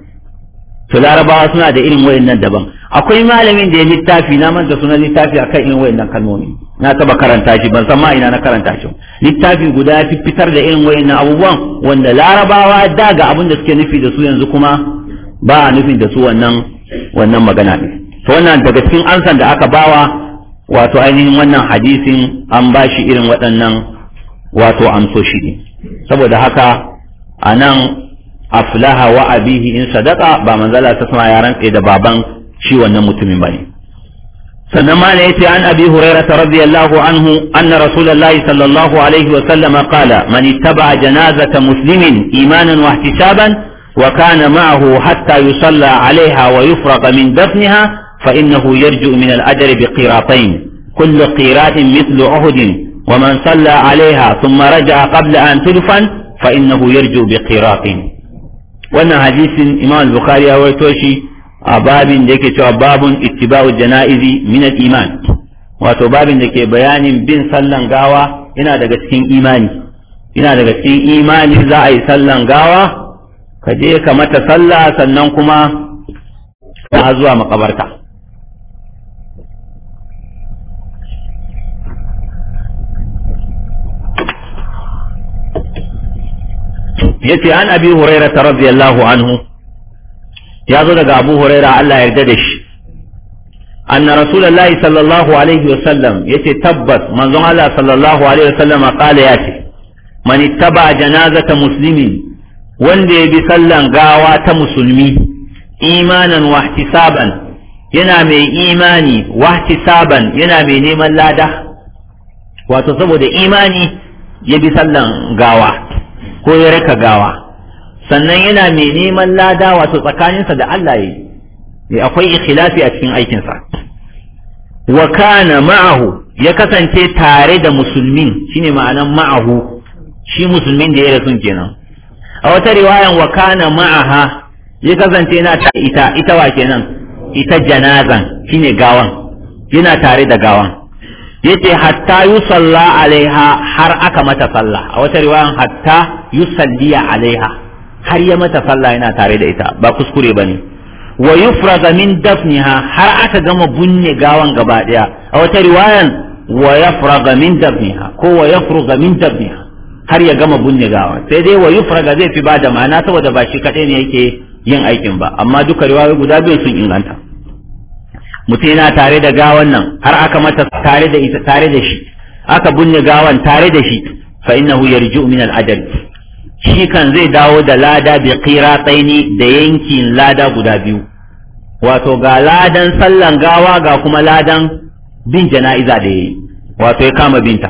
to larabawa suna da irin wayannan daban akwai malamin da ya littafi na manta suna littafi akan irin wayannan kalmomi na taba karanta shi ban san ma ina na karanta shi littafi guda ya fitar da irin wayannan abubuwan wanda larabawa da ga abin da suke nufi da su yanzu kuma ba a nufin da su wannan wannan magana ne to wannan daga cikin ansan da aka bawa wato ainihin wannan hadisin an bashi irin waɗannan wato amso shi ne saboda haka anan aflaha wa abihi in sadaqa ba manzala ta sama yaran kai da baban shi wannan mutumin bane sannan ma yace an abi hurairah radiyallahu anhu anna rasulullahi sallallahu alaihi wa sallam qala man ittaba janazata muslimin imanan wa ihtisaban wa kana ma'ahu hatta yusalla alaiha wa yufraq min dafniha fa innahu yarju min al ajri bi بقيراطين kullu qiratin mithlu عهد wa ومن صلى عليها ثم رجع قبل أن تدفن فإنه يرجو بقراط wannan hadisin imam al ya waito shi a babin da yake cewa babun ittiba'u janaizi min iman wato babin da ke bayanin bin sallan gawa yana daga cikin imani yana daga cikin imani za a yi sallar gawa ka je ka mata sallah sannan kuma ka zuwa makabarta yace an abi hurairah radiyallahu anhu ya zo daga abu hurairah Allah ya yarda da shi anna rasulullahi sallallahu alaihi sallam yace tabbas manzon Allah sallallahu alaihi wasallam qala yace man ittaba janazata muslimin wanda ya bi sallan gawa ta musulmi imanan wahtisaban yana mai imani wahtisaban yana mai neman lada wato saboda imani ya bi sallan gawa ko ya raka gawa sannan yana mai neman lada wato tsakaninsa da Allah yi ne akwai ikhlasi a cikin aikinsa wa kana ma'ahu ya kasance tare da musulmin shine ma'anan ma'ahu shi musulmin da ya rasu kenan a wata riwayan wa kana ma'aha ya kasance yana ta ita ita wa kenan ita janazan shine gawan yana tare da gawan yake hatta yusalla alaiha har aka mata sallah a wata riwayan hatta yusalliya alaiha har ya mata sallah yana tare da ita ba kuskure bane wa yufraza min dafniha har aka gama bunne gawan gaba daya a wata riwayan wa yafraga min dafniha ko wa yafruga min dafniha har ya gama bunne gawan sai dai wa yufraga zai fi ba da ma'ana saboda ba shi kadai ne yake yin aikin ba amma duka riwayoyi guda biyu sun inganta mutum yana tare da gawan nan har aka mata tare da ita tare da shi aka binne gawan tare da shi fa innahu yarju min al-ajal shi kan zai dawo da lada bi qiratayni da yankin lada guda biyu wato ga ladan sallan gawa ga kuma ladan bin jana'iza da yayi wato ya kama binta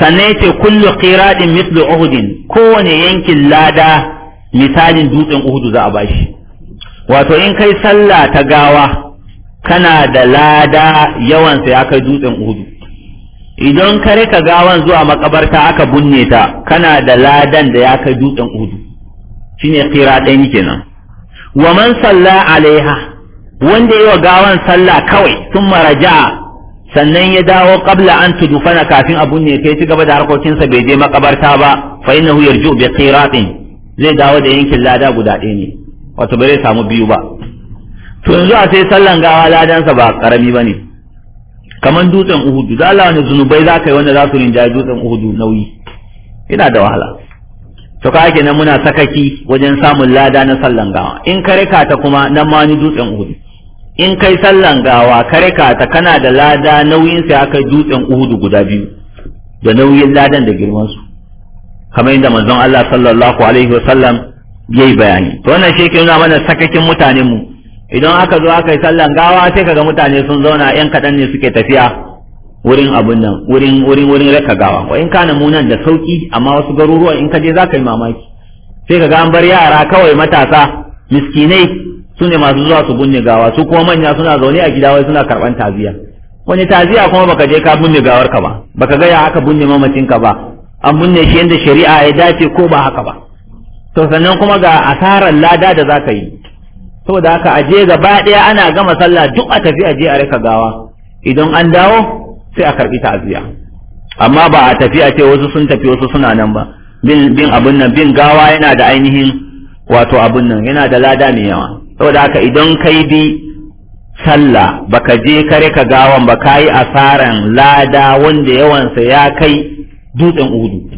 sannan yace kullu qiratin mithlu uhudin kowane yankin lada misalin dutsen uhudu za a bashi wato in kai sallah ta gawa kana da lada yawansa ya kai dutsen uhudu idan ka rika gawan zuwa makabarta aka bunne ta kana da ladan da ya kai dutsen uhudu shine qira ne kenan wa man salla alaiha wanda yi wa gawan sallah kawai sun maraja sannan ya dawo qabla an tudufana kafin a bunne kai ci gaba da harkokinsa bai je makabarta ba fa innahu yarju bi qiratin zai dawo da yankin lada guda ɗaya ne wato bai samu biyu ba to yanzu a sai sallan gawa ladansa ba karami ba ne kamar dutsen uhudu da Allah wani zunubai za ka yi wanda za su rinjaye dutsen uhudu nauyi ina da wahala to ka ake nan muna sakaki wajen samun lada na sallan gawa in ka rika ta kuma nan ma ni dutsen uhudu in kai sallan gawa ka rika ta kana da lada nauyin sai aka dutsen uhudu guda biyu da nauyin ladan da girman su kamar yadda manzon Allah sallallahu alaihi wasallam yayi bayani to wannan shi ke nuna mana sakakin mutanen mu idan aka zo aka yi sallan gawa sai kaga mutane sun zauna yan kaɗan ne suke tafiya wurin abun nan wurin wurin wurin raka gawa wa in kana munan da sauki amma wasu garuruwan in ka je za ka yi mamaki sai kaga an bar yara kawai matasa miskinai su ne masu zuwa su bunne gawa su kuma manya suna zaune a gida wai suna karɓan taziya wani taziya kuma baka je ka bunne gawar ka ba baka ga ya aka bunne mamacin ka ba an bunne shi yadda shari'a ya dace ko ba haka ba to sannan kuma ga asarar lada da za ka yi saboda haka aje gaba daya ana gama sallah duk a tafi aje a rika gawa idan an dawo sai a karbi ta'aziya amma ba a tafi a ce wasu sun tafi wasu suna nan ba bin bin abun nan bin gawa yana da ainihin wato abun nan yana da lada mai yawa saboda haka idan kai bi sallah baka je ka rika gawan ba kai asaran lada wanda yawansa ya kai dutsen udu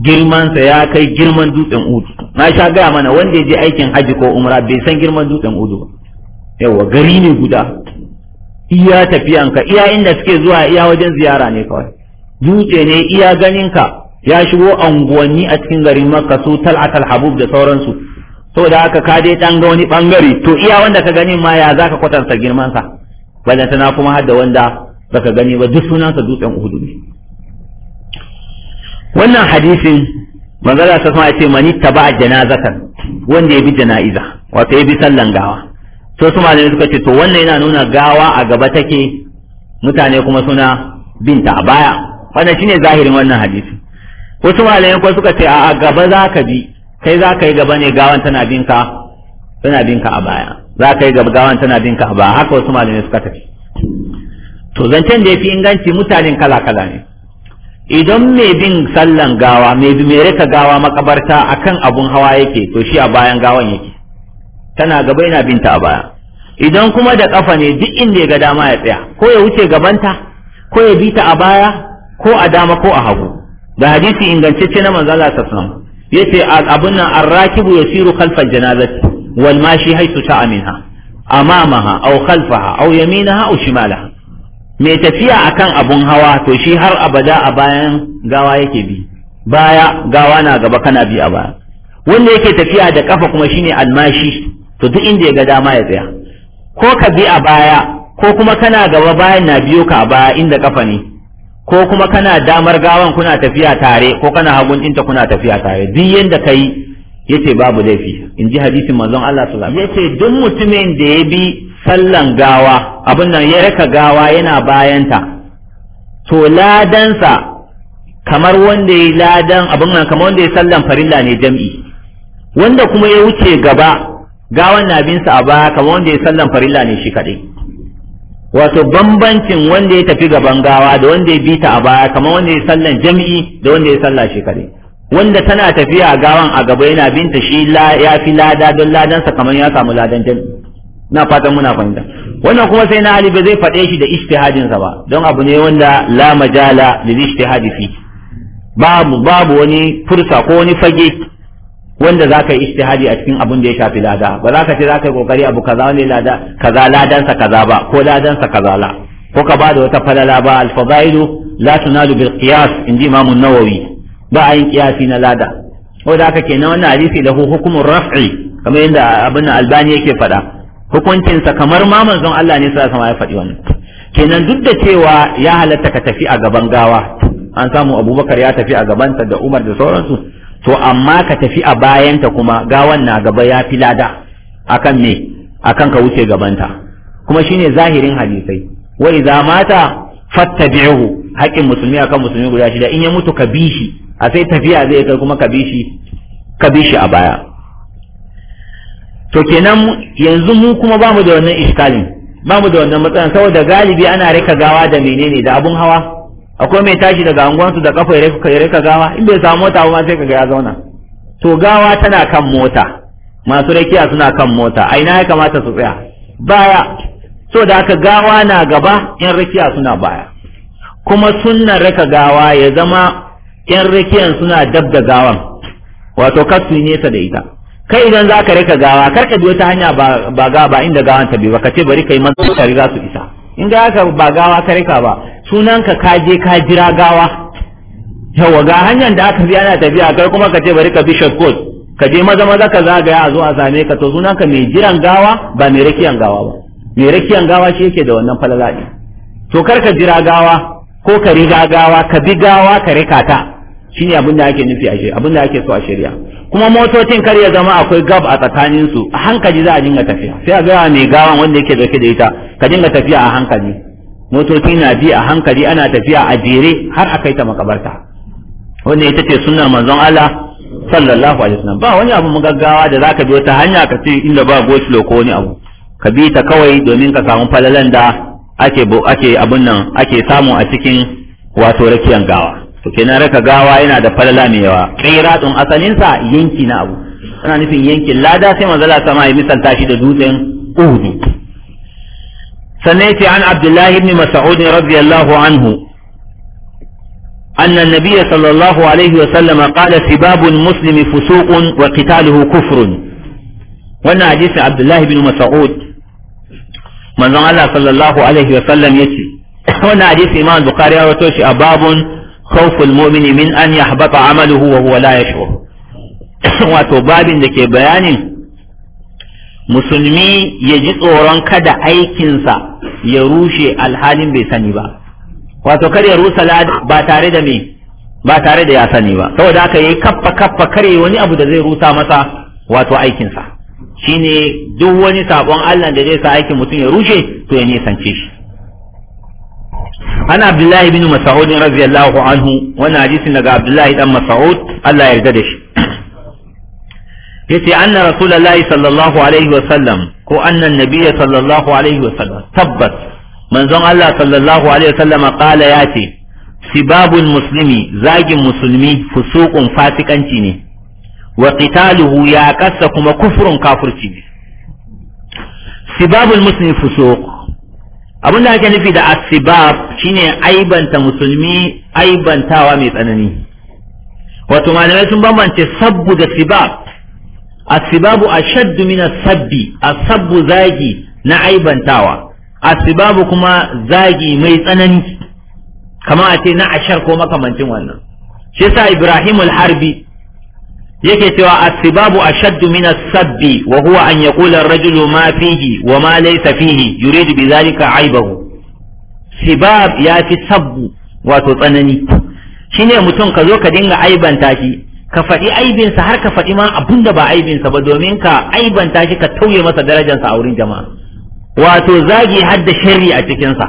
girmansa ya kai girman dutsen udu na sha gaya mana wanda ya je aikin haji ko umra bai san girman dutsen udu ba yawa gari ne guda iya tafiyanka iya inda suke zuwa iya wajen ziyara ne kawai dutse ne iya ganin ka ya shigo anguwanni a cikin garin makka su tal'atal habub da sauransu saboda haka ka dai dan ga wani bangare to iya wanda ka gani ma ya zaka kwatanta girman sa ballantana kuma hadda wanda baka gani ba duk sunansa dutsen udu ne wannan hadisin manzala ta kuma ce mani taba janazatan wanda ya bi janaiza wato ya bi sallan gawa to su malamai suka ce to wannan yana nuna gawa a gaba take mutane kuma suna binta a baya wannan shine zahirin wannan hadisi wasu malamai kuma suka ce a gaba za ka bi kai za ka yi gaba ne gawan tana binka tana binka a baya za ka yi gaba gawan tana binka a baya haka wasu malamai suka tafi to zancen da ya fi inganci mutanen kala kala ne idan mai bin sallan gawa mai mai raka gawa makabarta akan abun hawa yake to shi a bayan gawan yake tana gaba yana binta a baya idan kuma da kafa ne duk inda ya ga dama ya tsaya ko ya wuce gabanta ko ya bita a baya ko a dama ko a hagu da hadisi ingantacce na manzo Allah sallallahu yace abun nan arrakibu yasiru khalfal janazati wal mashi haythu sa'a minha amamaha aw khalfaha aw yaminaha aw shimalaha mai tafiya akan abun hawa to shi har abada a bayan gawa yake bi baya gawa na gaba kana bi a baya wanda yake tafiya da kafa kuma shine almashi to duk inda ya ga dama ya tsaya ko ka bi a baya ko kuma kana gaba bayan na biyo ka a baya inda kafa ne ko kuma kana damar gawan kuna tafiya tare ko kana hagun ɗinta kuna tafiya tare duk yanda kai yace babu laifi in ji hadisin manzon Allah sallallahu alaihi wasallam yace duk mutumin da ya bi sallan gawa abin nan ya raka gawa yana bayanta to ladansa kamar wanda ya ladan abin nan kamar wanda ya sallan farilla ne jam'i wanda kuma ya wuce gaba gawan na binsa a baya kamar wanda ya sallan farilla ne shi kaɗai wato bambancin wanda ya tafi gaban gawa da wanda ya bita a baya kamar wanda ya sallan jam'i da wanda ya salla shi kaɗai wanda tana tafiya a gawan a gaba yana binta shi ya fi lada don ladansa kamar ya samu ladan jam'i na fatan muna fahimta wannan kuma sai na ali ba zai faɗe shi da ijtihadin sa ba don abu ne wanda la majala lil ijtihadi fi babu babu wani fursa ko wani fage wanda za ka yi ijtihadi a cikin abin da ya shafi lada ba za ka ce za ka yi kokari abu kaza ne lada kaza ladansa kaza ba ko ladansa kaza la ko ka ba da wata falala ba fadailu la tunalu bil qiyas inji imam an-nawawi ba a yin qiyasi na lada ko da haka kenan wannan hadisi lahu hukumun raf'i kamar yadda abin albani yake faɗa hukuncinsa kamar ma manzon Allah ne sai ya faɗi wannan kenan duk da cewa ya halatta ka tafi a gaban gawa an samu Abubakar ya tafi a ta da Umar da sauransu to amma ka tafi a bayan ta kuma gawan na gaba ya fi lada akan me akan ka wuce gabanta kuma shine zahirin hadisai wa idza mata fattabi'uhu haƙin musulmi akan musulmi guda shida in ya mutu ka bi shi a sai tafiya zai kai kuma ka bishi ka bi a baya to kenan yanzu mu kuma bamu da wannan iskalin bamu da wannan matsalan saboda galibi ana rika gawa da menene da abun hawa akwai mai tashi daga anguwansu da kafa ya rika gawa in bai samu mota ba sai kaga ya zauna to gawa tana kan mota masu rakiya suna kan mota a ina ya kamata su tsaya baya so da aka gawa na gaba yan rakiya suna baya kuma sunnan raka gawa ya zama yan rakiyan suna dab da gawan wato kasu nesa da ita kai idan za ka rika gawa kar ka bi wata hanya ba ga ba inda gawan ta bi ba ka ce bari kai maza ka za su isa in ga ka ba gawa ka rika ba sunanka ka je ka jira gawa yawa ga hanyar da aka bi ana tafiya kai kuma ka ce bari ka bi shortcut ka je maza maza ka zagaya a zo a same ka to sunanka mai jiran gawa ba mai rakiyan gawa ba mai rakiyan gawa shi yake da wannan falala to kar ka jira gawa ko ka riga gawa ka bi gawa ka rika ta shine abin da ake nufi a abin da ake so a shirya kuma motocin kar ya zama akwai gab a tsakanin su a hankali za a dinga tafiya sai a gaya mai gawan wanda yake dauke da ita ka dinga tafiya a hankali motoci na bi a hankali ana tafiya a jere har a kai ta makabarta wanda ita ce sunnar manzon Allah sallallahu alaihi wasallam ba wani abu gaggawa da zaka bi wata hanya ka ce inda ba gosulo ko wani abu ka bi ta kawai domin ka samu falalan da ake ake abun nan ake samu a cikin wato rakiyan gawa to raka gawa yana da falala mai yawa qiratun a yanki na abu ana nufin yankin lada sai manzala sama ya misalta shi da dutsen uhud sanaiti an abdullah ibn mas'ud radiyallahu anhu أن النبي صلى الله عليه وسلم قال سباب المسلم فسوق وقتاله كفر وانا حديث عبد الله بن مسعود من الله صلى الله عليه وسلم يتي وانا حديث إمام البخاري وتوشي أباب khawful mu'mini min an yahbata amaluhu wa huwa la wato babin da ke bayanin musulmi ya ji tsoron kada aikinsa ya rushe alhalin bai sani ba wato kar ya rusa ba tare da me ba tare da ya sani ba saboda haka yi kaffa kaffa kare wani abu da zai rusa masa wato aikinsa shine duk wani sabon Allah da zai sa aikin mutum ya rushe to ya nisance shi an abdullahi bin mas'ud radiyallahu anhu wannan hadisin daga abdullahi dan mas'ud Allah ya yarda da shi yace anna rasulullahi sallallahu alaihi wa sallam ko anna nabiyya sallallahu alaihi wa sallam tabbas manzon Allah sallallahu alaihi wa sallam qala yace sibabul muslimi zagin musulmi fusuqun fasikanci ne wa qitaluhu ya kasa kuma kufrun kafirci ne sibabul muslimi fusuq abin da ake nufi da asibab shine aibanta musulmi aibantawa mai tsanani wato malamai sun bambance sabbu da sibab asibabu ashaddu min sabbi asabbu zagi na aibantawa asibabu kuma zagi mai tsanani kama a ce na ashar ko makamancin wannan shi sa Ibrahim al-Harbi yake cewa asibabu ashaddu min as-sabbi wa huwa an yaqula ar-rajulu ma fihi wa ma laysa fihi yuridu bi dhalika aibahu sibab ya fi sabbu wato tsanani shine mutum ka zo ka dinga aibanta shi ka faɗi aibinsa har ka faɗi ma abin da ba aibinsa ba domin ka aibanta shi ka tauye masa sa a wurin jama'a wato zagi har da sharri a cikinsa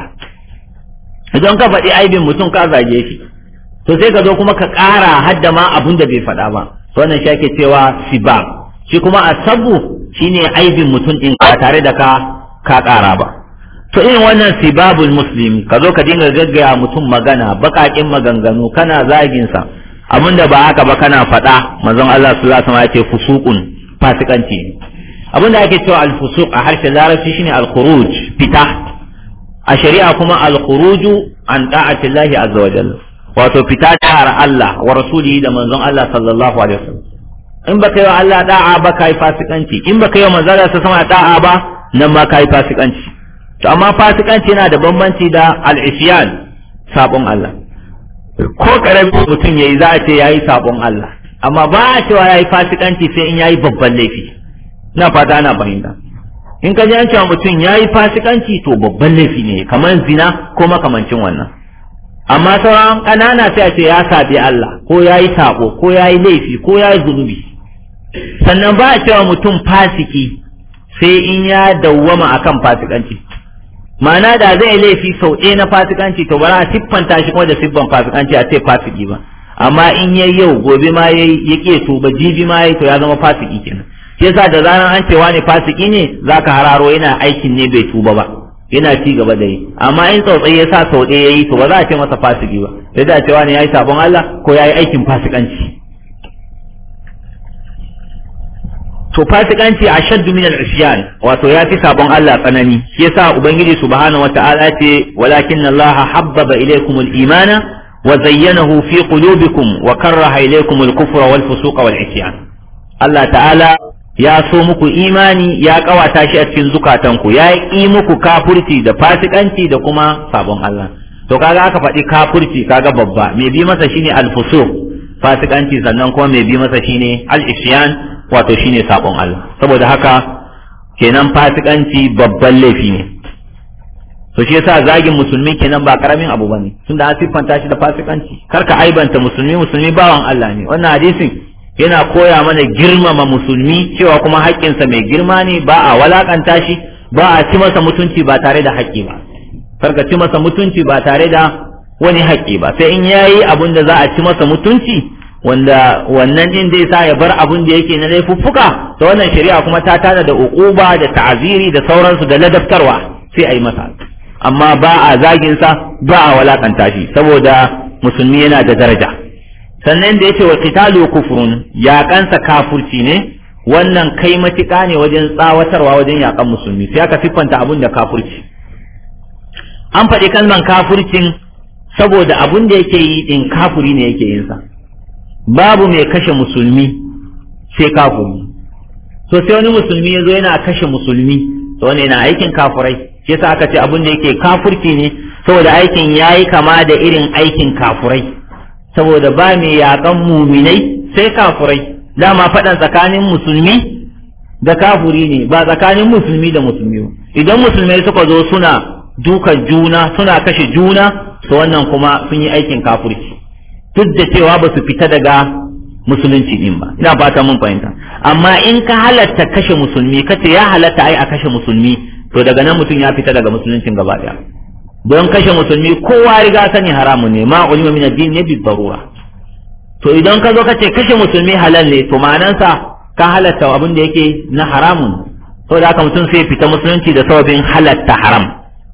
idan ka faɗi aibin mutum ka zage shi to sai ka zo kuma ka ƙara har da ma abin da bai faɗa ba wannan shi ake cewa sibab shi kuma asabu shine aibin mutum din ba tare da ka ka kara ba to irin wannan sibabul muslim ka zo ka dinga gaggaya mutum magana bakakin maganganu kana zagin sa abinda ba haka ba kana faɗa manzon Allah sallallahu alaihi wasallam ya ce fusuqun fasikanci abinda ake cewa al fusuq a harshen larabci shine al khuruj fita a shari'a kuma al khuruju an da'atillahi azza wa jalla wato fita da'ar Allah wa rasuli da manzon Allah sallallahu alaihi wasallam in baka yi Allah da'a ba kai fasikanci in baka yi manzon Allah sama da'a ba nan ma kai fasikanci to amma fasikanci yana da bambanci da al-isyan sabon Allah ko karamin mutum yayi za a ce yayi sabon Allah amma ba a cewa yayi fasikanci sai in yayi babban laifi ina fata ana fahimta in ka ji an cewa mutum yayi fasikanci to babban laifi ne kamar zina ko makamancin wannan amma sauran ƙanana sai a ce ya sabi Allah ko ya yi sabo ko ya yi laifi ko ya yi zunubi sannan ba a cewa mutum fasiki sai in ya dawwama kan fasikanci ma'ana da zai laifi sau ɗaya na fasikanci to ba a siffanta shi kuma da siffan fasikanci a ce fasiki ba amma in yayi yau gobe ma yayi ya ke to ba jibi ma yayi to ya zama fasiki kenan shi yasa da zaran an cewa wani fasiki ne zaka hararo yana aikin ne bai tuba ba yana ci gaba da yi amma in tsautsayi ya sa sau ɗaya ya yi to ba za a ce masa fasiki ba sai da cewa ne ya yi sabon Allah ko ya yi aikin fasikanci to fasikanci a shaddu min al-isyan wato ya fi sabon Allah tsanani shi yasa ubangiji subhanahu wata'ala ce walakin Allah habbaba ilaykum al-imana wa zayyanahu fi qulubikum wa karraha ilaykum al-kufra wal fusuqa wal isyan Allah ta'ala ya so muku imani ya kawata shi a cikin zukatanku ya yi muku kafurci da fasikanci da kuma sabon Allah to kaga aka faɗi kafurci kaga babba me bi masa shine alfusuq fasikanci sannan kuma me bi masa shine al-isyan wato shine sabon Allah saboda haka kenan fasikanci babban laifi ne to shi yasa zagin musulmi kenan ba karamin abu bane tunda an siffanta shi da fasikanci karka aibanta musulmi musulmi bawan Allah ne wannan hadisin yana koya mana girmama musulmi cewa kuma haƙƙinsa mai girma ne ba a walakanta shi ba a ci masa mutunci ba tare da haƙƙi ba karka ci masa mutunci ba tare da wani haƙƙi ba sai in yayi abun da za a ci masa mutunci wanda wannan din zai sa ya bar abun da yake na laifuffuka to wannan shari'a kuma ta tana da uquba da ta'ziri da sauransu da ladabtarwa sai a yi masa amma ba a zagin sa ba a walakanta shi saboda musulmi yana da daraja sannan da yake wa qitalu kufrun yaƙansa kafurci ne wannan kai matika ne wajen tsawatarwa wajen yaƙan musulmi sai aka siffanta abun da kafurci an faɗi kalman kafurcin saboda abun da yake yi din kafuri ne yake yinsa babu mai kashe musulmi sai kafuri so sai wani musulmi ya zo yana kashe musulmi to wani yana aikin kafurai shi yasa aka ce abun da yake kafurci ne saboda aikin yayi kama da irin aikin kafurai saboda ba mai yaƙan muminai sai kafurai dama faɗan tsakanin musulmi da kafuri ne ba tsakanin musulmi da musulmi idan musulmai suka zo suna dukan juna suna kashe juna to wannan kuma sun yi aikin kafurci duk da cewa ba su fita daga musulunci din ba ina fata mun fahimta amma in ka halatta kashe musulmi kace ya halatta ai a kashe musulmi to daga nan mutum ya fita daga musuluncin gaba daya don kashe musulmi kowa riga sani haramu ne ma ulima min addini ne bibbarura, to idan ka zo ka ce kashe musulmi halal ne to ma'anansa ka halatta abin da yake na haramun da haka mutum sai fita musulunci da sababin halatta haram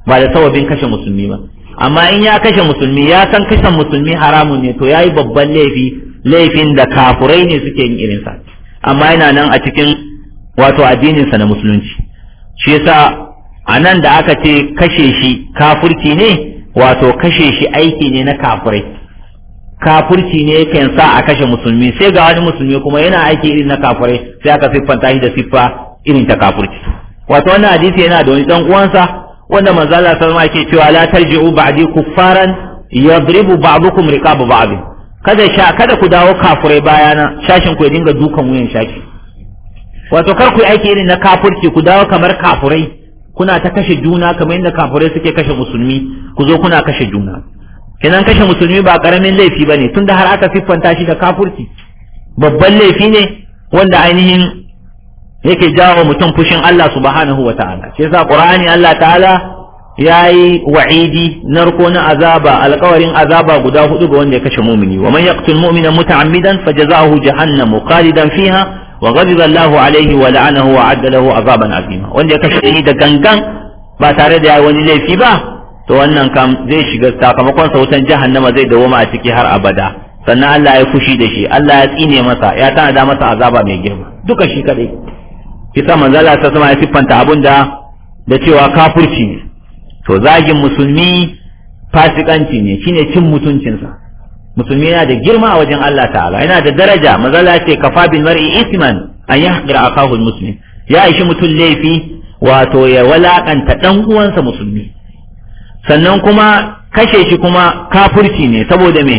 ba da sababin kashe musulmi ba amma in ya kashe musulmi ya san kashe musulmi haramun ne to yayi babban laifi laifin da kafurai ne suke yin irinsa amma yana nan a cikin wato addininsa na musulunci shi yasa a nan da aka ce kashe shi kafurci ne wato kashe shi aiki ne na kafurai kafurci ne yakan sa a kashe musulmi sai ga wani musulmi kuma yana aiki irin na kafurai sai aka siffanta shi da siffa irin ta kafurci wato wannan hadisi yana da wani dan uwansa wanda manzo Allah sallallahu alaihi wasallam yake cewa la tarji'u ba'di kuffaran yadribu ba'dukum riqab ba'd kada sha kada ku dawo kafurai bayana shashin ku ya dinga dukan wuyan shaki wato kar ku aiki irin na kafurci ku dawo kamar kafurai kuna ta kashe juna kamar inda kafirai suke kashe musulmi ku zo kuna kashe juna kenan kashe musulmi ba karamin laifi ba ne tunda har aka siffanta shi da kafurci babban laifi ne wanda ainihin yake jawo mutum fushin Allah subhanahu wa ta'ala shi yasa qur'ani Allah ta'ala yayi wa'idi narko na azaba alƙawarin azaba guda hudu ga wanda ya kashe mumini wa man yaqtul mu'mina muta'ammidan fajaza'uhu jahannamu khalidan fiha wa ghadiba Allahu alaihi wa la'anahu wa adda azaban azima wanda ya kashe ni da gangan ba tare da wani laifi ba to wannan kam zai shiga sakamakon sautan jahannama zai dawoma a ciki har abada sannan Allah ya fushi da shi Allah ya tsine masa ya da masa azaba mai girma duka shi kadai kisa manzala ta sama ya siffanta abun da cewa kafirci ne to zagin musulmi fasikanci ne shine cin mutuncinsa musulmi yana da girma a wajen Allah ta'ala yana da daraja mazala ce kafa bin mar'i isman an yahqira akahu musulmi. ya aishi mutum laifi wato ya walakanta ɗan uwansa musulmi sannan kuma kashe shi kuma kafirci ne saboda me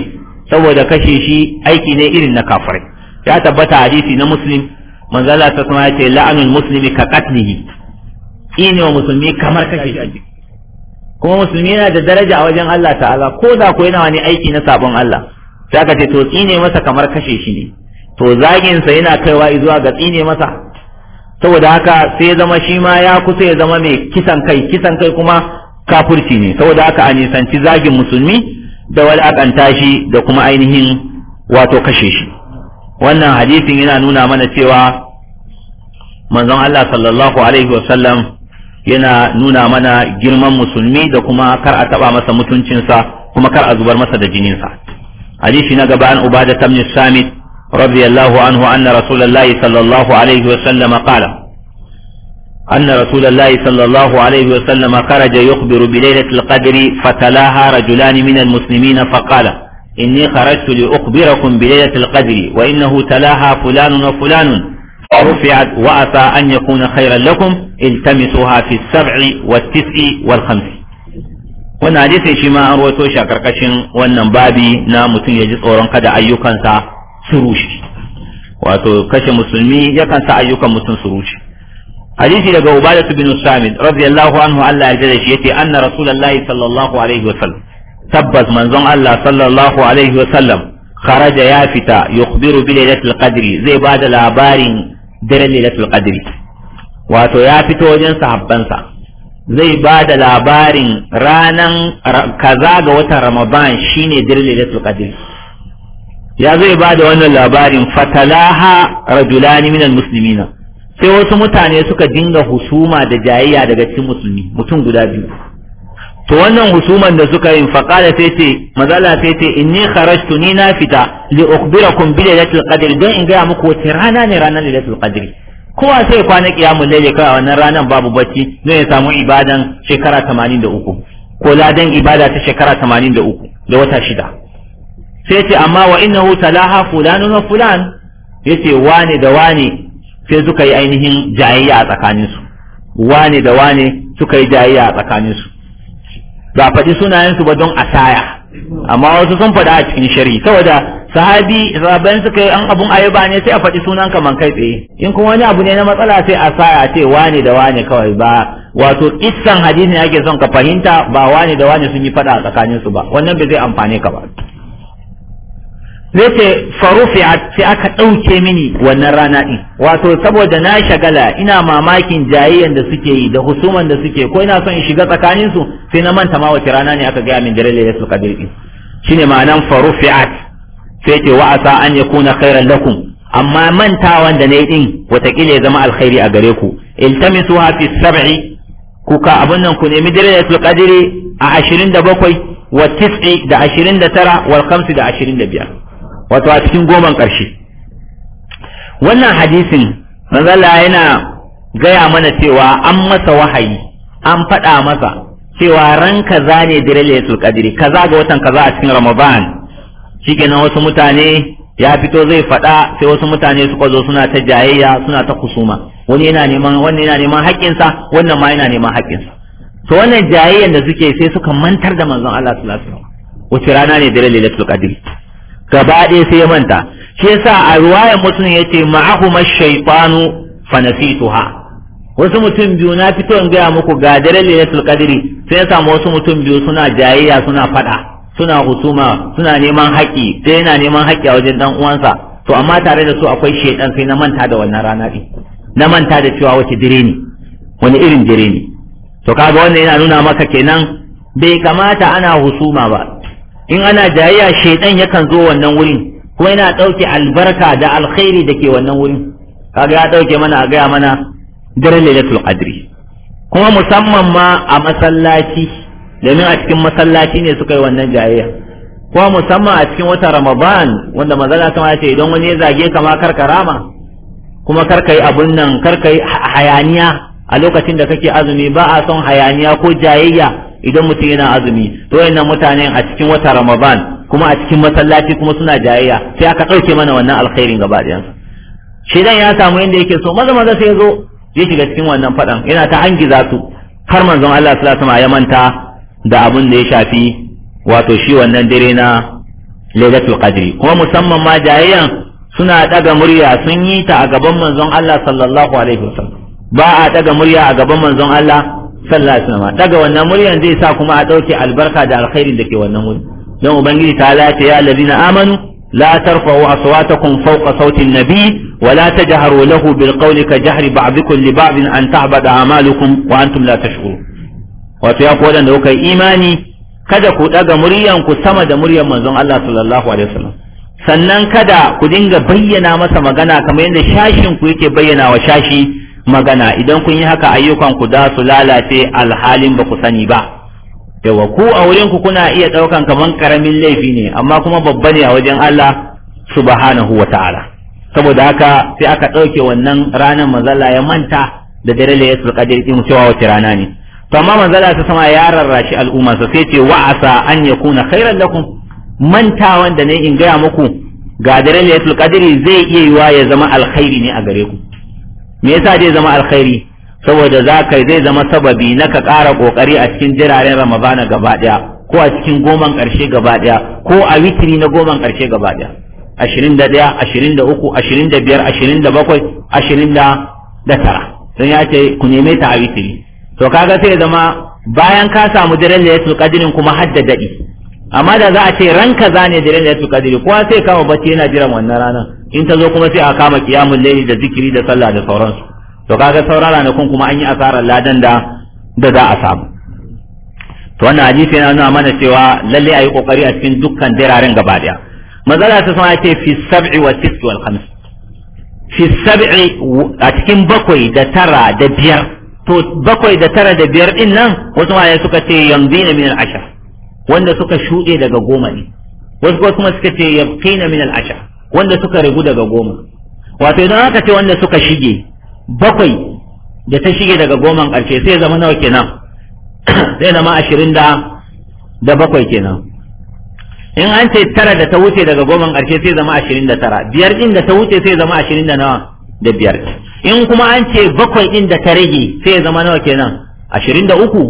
saboda kashe shi aiki ne irin na kafirai ya tabbata hadisi na musulmi, manzala ta kuma ya ce la'anul musulmi ka qatlihi ine wa musulmi kamar kashe shi kuma musulmi yana da daraja a wajen Allah ta'ala ko da ko yana wani aiki na sabon Allah sai aka ce to tsine masa kamar kashe shi ne to zagin sa yana kaiwa zuwa ga tsine masa saboda haka sai ya zama shi ma ya kusa ya zama mai kisan kai kisan kai kuma kafurci ne saboda haka a nisanci zagin musulmi da walakanta shi da kuma ainihin wato kashe shi wannan hadisin yana nuna mana cewa manzon Allah sallallahu alaihi wasallam yana nuna mana girman musulmi da kuma kar a taba masa mutuncinsa kuma kar a zubar masa da jininsa hadisi na gaba an ubada tamni samit radiyallahu anhu anna rasulullahi sallallahu alaihi wa sallam qala anna rasulullahi sallallahu alaihi wa sallam kharaja yukhbiru bi صلى qadri fatalaha rajulan min al muslimin fa qala inni kharajtu li فقال bi خرجت qadri wa innahu talaha fulanun wa fulanun ورفعت وأتى أن يكون خيرا لكم التمسوها في السبع والتسع والخمس wannan hadisi shi ma an rawaito shi a karkashin wannan babi na mutum ya ji tsoron kada ayyukansa su rushe wato kashe musulmi yakan sa ayyukan mutum su rushe hadisi daga ubadatu bin samit radiyallahu anhu Allah ya jada shi yace anna rasulullahi sallallahu alaihi wa wasallam tabbas manzon Allah sallallahu alaihi wa wasallam kharaja ya fita yukhbiru bi lailatul qadri zai bada labarin daren lailatul qadri wato ya fito wajen sahabbansa zai ba da labarin ranan kaza ga watan ramadan shine daren lailatul qadri ya zai ba da wannan labarin fatalaha rajulani minal muslimina sai wasu mutane suka dinga husuma da jayayya daga cikin musulmi mutum guda biyu to wannan husuman da suka yi faqala sai ce mazala sai ce inni kharajtu ni na fita li ukhbirakum bi laylatil qadr don in ga muku wace rana ne ranar lailatul qadri kowa sai kwana kiyamul laili kai wannan ranar babu bacci ne ya samu ibadan shekara 83 ko ladan ibada ta shekara 83 da wata shida sai ce amma wa innahu talaha fulanun wa fulan yace wane da wane sai suka yi ainihin jayayya a tsakaninsu wane da wane suka yi jayayya a tsakaninsu ba faɗi sunayensu ba don a saya, amma wasu sun faɗa a cikin shari saboda sahabi sahabban suka yi an abun ayuba ne sai a faɗi sunan man kai tsaye in kuma wani abu ne na matsala sai a saya ce wane da wane kawai ba wato isan hadisi ake son ka fahimta ba wane da wane sun yi faɗa a tsakaninsu ba wannan bai zai amfane ka ba zai ce a sai aka ɗauke mini wannan rana ɗin wato saboda na shagala ina mamakin jayayyan da suke yi da husuman da suke ko ina son in shiga tsakanin su sai na manta ma wace rana ne aka gaya min dare da su kadir ɗin shine ma'anan a sai ce wa'asa an an kuna khairan lakum amma mantawan da yi ɗin watakila ya zama alkhairi a gare ku iltamisu fi sab'i kuka abun nan ku nemi dare da qadiri a ashirin da bakwai wa tis'i da ashirin tara wa 5 da ashirin da biyar. wato a cikin goman ƙarshe wannan hadisin manzala yana gaya mana cewa an masa wahayi an faɗa masa cewa ran kaza ne dire su kadiri kaza ga watan kaza a cikin ramadan shikenan wasu mutane ya fito zai faɗa sai wasu mutane su kwazo suna ta jayayya suna ta kusuma wani yana neman wani yana neman haƙƙinsa wannan ma yana neman haƙƙinsa to wannan jayayyan da suke sai suka mantar da manzon Allah sallallahu alaihi wasallam wace rana ne dare su kadiri gaba ɗaya sai ya manta shi yasa a ruwayan mutum ce ma'ahuma shaytanu fa nasituha wasu mutum biyu na fito in gaya muku ga daren lailatul qadri sai ya samu wasu mutum biyu suna jayayya suna faɗa suna husuma suna neman haƙi sai yana neman haƙi a wajen dan uwansa to amma tare da su akwai shaidan sai na manta da wannan rana din na manta da cewa wace dire ne wani irin dire ne to kaga wannan yana nuna maka kenan bai kamata ana husuma ba in ana jayayya shaidan yakan zo wannan wurin ko yana ɗauke albarka da alkhairi da ke wannan wurin kaga ya ɗauke mana a gaya mana daren lailatul qadri kuma musamman ma a masallaci domin a cikin masallaci ne suka yi wannan jayayya kuma musamman a cikin wata ramadan wanda manzala sama ya ce idan wani ya zage kama kar rama kuma kar yi abun nan kar yi hayaniya a lokacin da kake azumi ba a son hayaniya ko jayayya idan mutum yana azumi to yana mutanen a cikin wata ramadan kuma a cikin masallaci kuma suna jayayya sai aka ɗauke mana wannan alkhairin gaba ɗayansa shedan ya samu yadda yake so maza maza sai ya zo ya shiga cikin wannan faɗan yana ta hangiza su har manzon Allah sallallahu alaihi wasallam ya manta da abin da ya shafi wato shi wannan dare na Lailatul Qadri kuma musamman ma jayayyan suna daga murya sun yi ta a gaban manzon Allah sallallahu alaihi wasallam ba a daga murya a gaban manzon Allah sallallahu alaihi wasallam daga wannan muryan zai sa kuma a dauke albarka da alkhairin da ke wannan wuri don ubangiji ta lati ya allazina amanu la tarfa'u aswatakum fawqa sawti nabi wa la tajharu lahu bil qawli ka jahri ba'dikum li ba'din an ta'bada a'malukum wa antum la tashkurun wato ya kodan da kuka imani kada ku daga muryan ku sama da muryan manzon Allah sallallahu alaihi wasallam sannan kada ku dinga bayyana masa magana kamar yadda shashin ku yake bayyana wa shashi magana idan kun yi haka ayyukan ku da su lalace alhalin ba ku sani ba yawa ku a wurin ku kuna iya ɗaukan kaman karamin laifi ne amma kuma babba ne a wajen Allah subhanahu wataala saboda haka sai aka ɗauke wannan ranar manzala ya manta da dare da yasul qadir din cewa wace rana ne to amma manzala ta sama ya rarrashi al'umma sa sai ce wa asa an yakuna khairan lakum mantawan da ne in gaya muku ga dare da yasul qadiri zai iya yiwa ya zama alkhairi ne a gare ku me yasa zai zama alkhairi saboda za ka zai zama sababi na ka ƙara ƙoƙari a cikin jiraren ramadana gaba ɗaya ko a cikin goman ƙarshe gaba ɗaya ko a witiri na goman ƙarshe gaba ɗaya ashirin da ɗaya ashirin da uku ashirin da biyar ashirin da bakwai ashirin da tara don ya ce ku neme ta a witiri to kaga sai zama bayan ka samu diren da ya kadirin kuma hadda daɗi amma da za a ce ranka zane diren da ya kadiri kowa sai kama bacci yana jiran wannan ranar in ta zo kuma sai a kama qiyamul layli da zikiri da sallah da sauransu to kaga sauran ranakun kuma an yi asarar ladan da da za a samu to wannan hadisi yana nuna mana cewa lalle ayi kokari a cikin dukkan diraren gaba daya mazala ta sama ce fi sab'i wa tis wal khams fi sab'i a cikin bakwai da tara da biyar to bakwai da tara da biyar din nan wasu mutane suka ce yamdina min al ashar wanda suka shuɗe daga goma ne wasu kuma suka ce yabqina min al ashar wanda suka rigu daga goma wato idan aka ce wanda suka shige bakwai da ta shige daga goman ƙarshe sai zama nawa kenan sai zama ashirin da da bakwai kenan in an ce tara da ta wuce daga goman ƙarshe sai zama ashirin da tara biyar ɗin da ta wuce sai zama ashirin da nawa da biyar in kuma an ce bakwai ɗin da ta rage sai zama nawa kenan ashirin da uku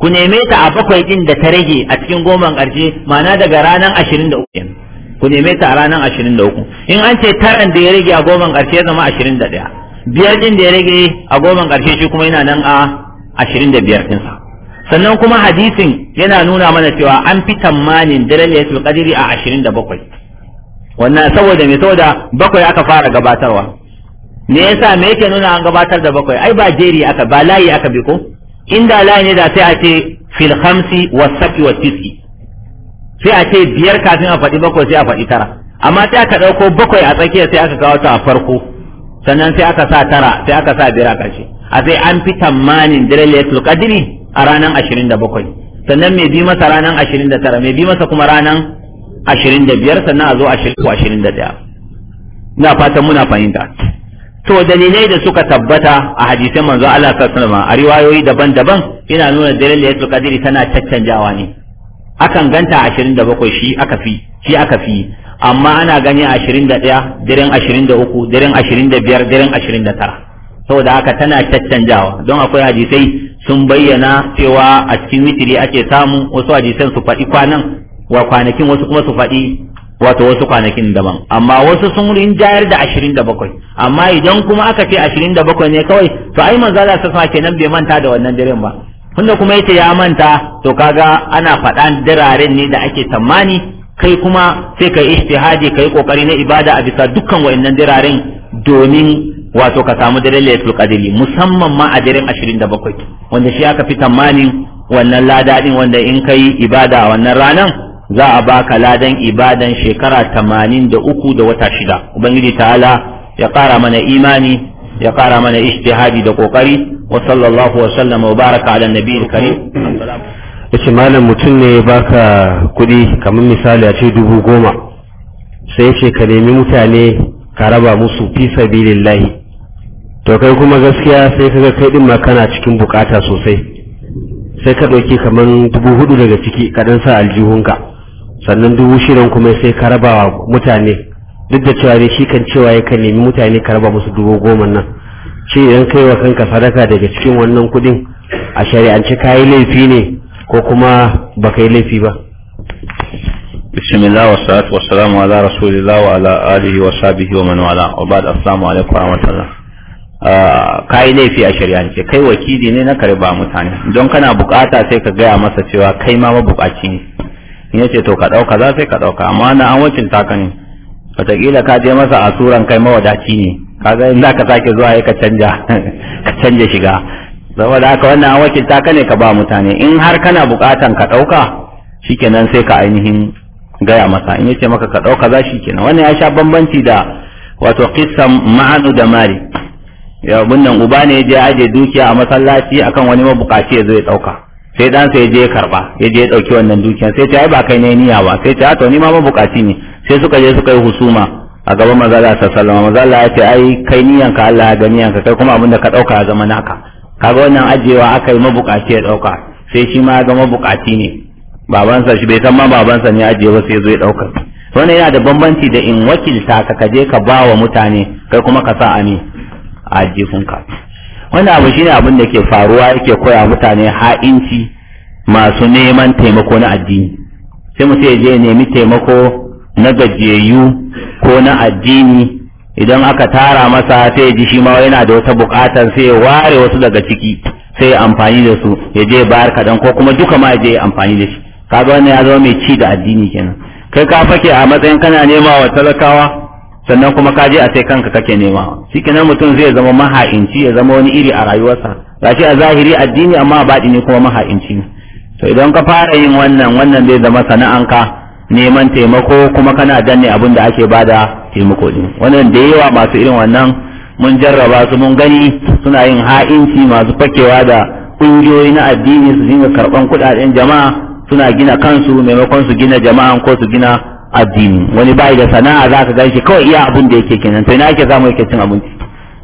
ku neme ta a bakwai ɗin da ta rage a cikin goman ƙarshe ma'ana daga ranar ashirin da uku kenan ku neme ta a ranar ashirin da uku in an ce taran da ya rage a goman ƙarshe ya zama ashirin da ɗaya biyar ɗin da ya rage a goman ƙarshe shi kuma yana nan a ashirin da biyar ɗinsa sannan kuma hadisin yana nuna mana cewa an fi tamanin daren fi qadri a ashirin da bakwai wannan saboda me saboda bakwai aka fara gabatarwa me yasa me yake nuna an gabatar da bakwai ai ba jeri aka ba layi aka bi ko inda layi ne da sai a ce fil khamsi wa sai a ce biyar kafin a faɗi bakwai sai a faɗi tara amma sai aka ɗauko bakwai a tsakiya sai aka kawo ta a farko sannan sai aka sa tara sai aka sa biyar a ƙarshe a sai an fi tamanin dalilatul qadri a ranar ashirin da bakwai sannan mai bi masa ranar ashirin da tara mai bi masa kuma ranar ashirin da biyar sannan a zo ashirin ko ashirin da ɗaya ina fatan muna fahimta to dalilai da suka tabbata a hadisan manzo Allah sallallahu alaihi wasallam a riwayoyi daban-daban ina nuna dalilatul qadri tana caccanjawa ne akan ganta 27 shi aka fi shi aka fi amma ana gani 21 daren 23 daren 25 daren 29 saboda haka tana caccanjawa don akwai hadisai sun bayyana cewa a cikin witiri ake samu wasu hadisan su faɗi kwanan wa kwanakin wasu kuma su faɗi wato wasu kwanakin daban amma wasu sun rinjayar da ashirin da bakwai amma idan kuma aka ce ashirin da bakwai ne kawai to ai manzo Allah sa kenan bai manta da wannan daren ba tunda kuma yace ya manta to kaga ana faɗan diraren ne da ake tsammani kai kuma sai ka istihadi kai kokari na ibada a bisa dukkan wayannan diraren domin wato ka samu daren lailatul musamman ma a daren 27 wanda shi aka fi tsammanin wannan lada din wanda in kai ibada a wannan ranan za a baka ladan ibadan shekara 83 da wata shida ubangiji ta'ala ya kara mana imani ya kara mana ijtihadi da kokari wa sallallahu wa sallama wa baraka ala nabiyil karim yace malam mutum ne baka kuɗi kamar misali a ce dubu goma sai ce ka nemi mutane ka raba musu fi sabilillahi to kai kuma gaskiya sai kaga kai din ma kana cikin bukata sosai sai ka ɗauki kamar dubu hudu daga ciki kaɗan sa aljihunka sannan dubu shirin kuma sai ka rabawa mutane duk da cewa dai shi kan cewa kan nemi mutane ka raba musu dubu goma nan shi idan kai wa kanka sadaka daga cikin wannan kudin a shari'ance ka yi laifi ne ko kuma ba ka yi laifi ba bismillah wa salatu wa salamu ala rasulillah wa ala alihi wa sahbihi wa man wala wa ba'd assalamu alaikum wa rahmatullah ah, ka yi laifi a shari'ance kai wakili ne na karba mutane don kana bukata sai ka gaya masa cewa kai ma mabukaci ne in yace to ka dauka za sai ka dauka amma na an wacin taka ne wataƙila ka je masa a suran kai mawadaci ne kaga in ka sake zuwa ya ka canja ka canja shiga saboda haka wannan an wakilta ka ne ka ba mutane in har kana buƙatan ka ɗauka shikenan sai ka ainihin gaya masa in yace maka ka ɗauka za shi kenan wannan ya sha bambanci da wato kisan ma'anu da mari ya bunnan uba ne ya je aje dukiya a masallaci akan wani mabukaci ya zo ya ɗauka sai dan sai ya je ya karba ya je ya ɗauki wannan dukiya sai ta yi ba kai ne niyya ba sai ta yi to ni ma mabukaci ne sai suka je suka yi husuma a gaban mazala Allah sallallahu alaihi wasallam ya ce ai kai niyanka Allah ya gani yanka kai kuma abinda ka dauka ya zama naka kaga wannan ajewa aka yi mabukaci ya dauka sai shi ma ya zama ne babansa shi bai san ma babansa ne ajiye ba sai zo ya dauka wannan yana da bambanci da in wakilta ka kaje ka ba wa mutane kai kuma ka sa ami a ajifunka wannan abu shine abin da ke faruwa yake koya mutane ha'inci masu neman taimako na addini sai mu ya je nemi taimako na gajiyayyu ko na addini idan aka tara masa sai ji shi ma yana da wata bukatar sai ya ware wasu daga ciki sai ya amfani da su ya je bayar kaɗan ko kuma duka ma ya je amfani da shi kaga wannan ya zama mai ci da addini kenan kai ka fake a matsayin kana nema wa talakawa sannan kuma ka je a sai kanka kake nema shikenan mutum zai zama maha'inci ya zama wani iri a rayuwarsa gashi a zahiri addini amma a baɗi ne kuma maha'inci to idan ka fara yin wannan wannan zai zama sana'anka neman taimako kuma kana danne abin da ake bada taimako din wannan da yawa masu irin wannan mun jarraba su mun gani suna yin ha'inci masu fakewa da ƙungiyoyi na addini su dinga karɓan kuɗaɗen jama'a suna gina kansu maimakon su gina jama'an ko su gina addini wani bai da sana'a za ka ganshi kawai iya abin da yake kenan to ina yake samu yake cin abinci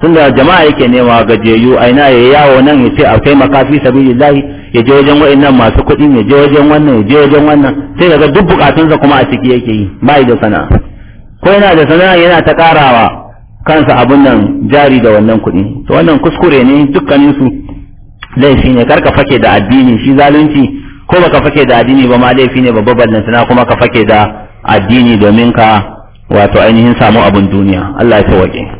tunda jama'a yake nema gajiyayyu a ina ya yawo nan ya ce a kai makafi sabilillahi ya je wajen wa'annan masu kuɗin ya je wajen wannan ya je wajen wannan sai daga duk bukatunsa kuma a ciki yake yi ba da sana'a ko yana da sana'a yana ta karawa kansa abun nan jari da wannan kuɗi to wannan kuskure ne dukkanin su laifi ne kar ka fake da addini shi zalunci ko baka fake da addini ba ma laifi ne babban ballantana kuma ka fake da addini domin ka wato ainihin samu abun duniya Allah ya tawake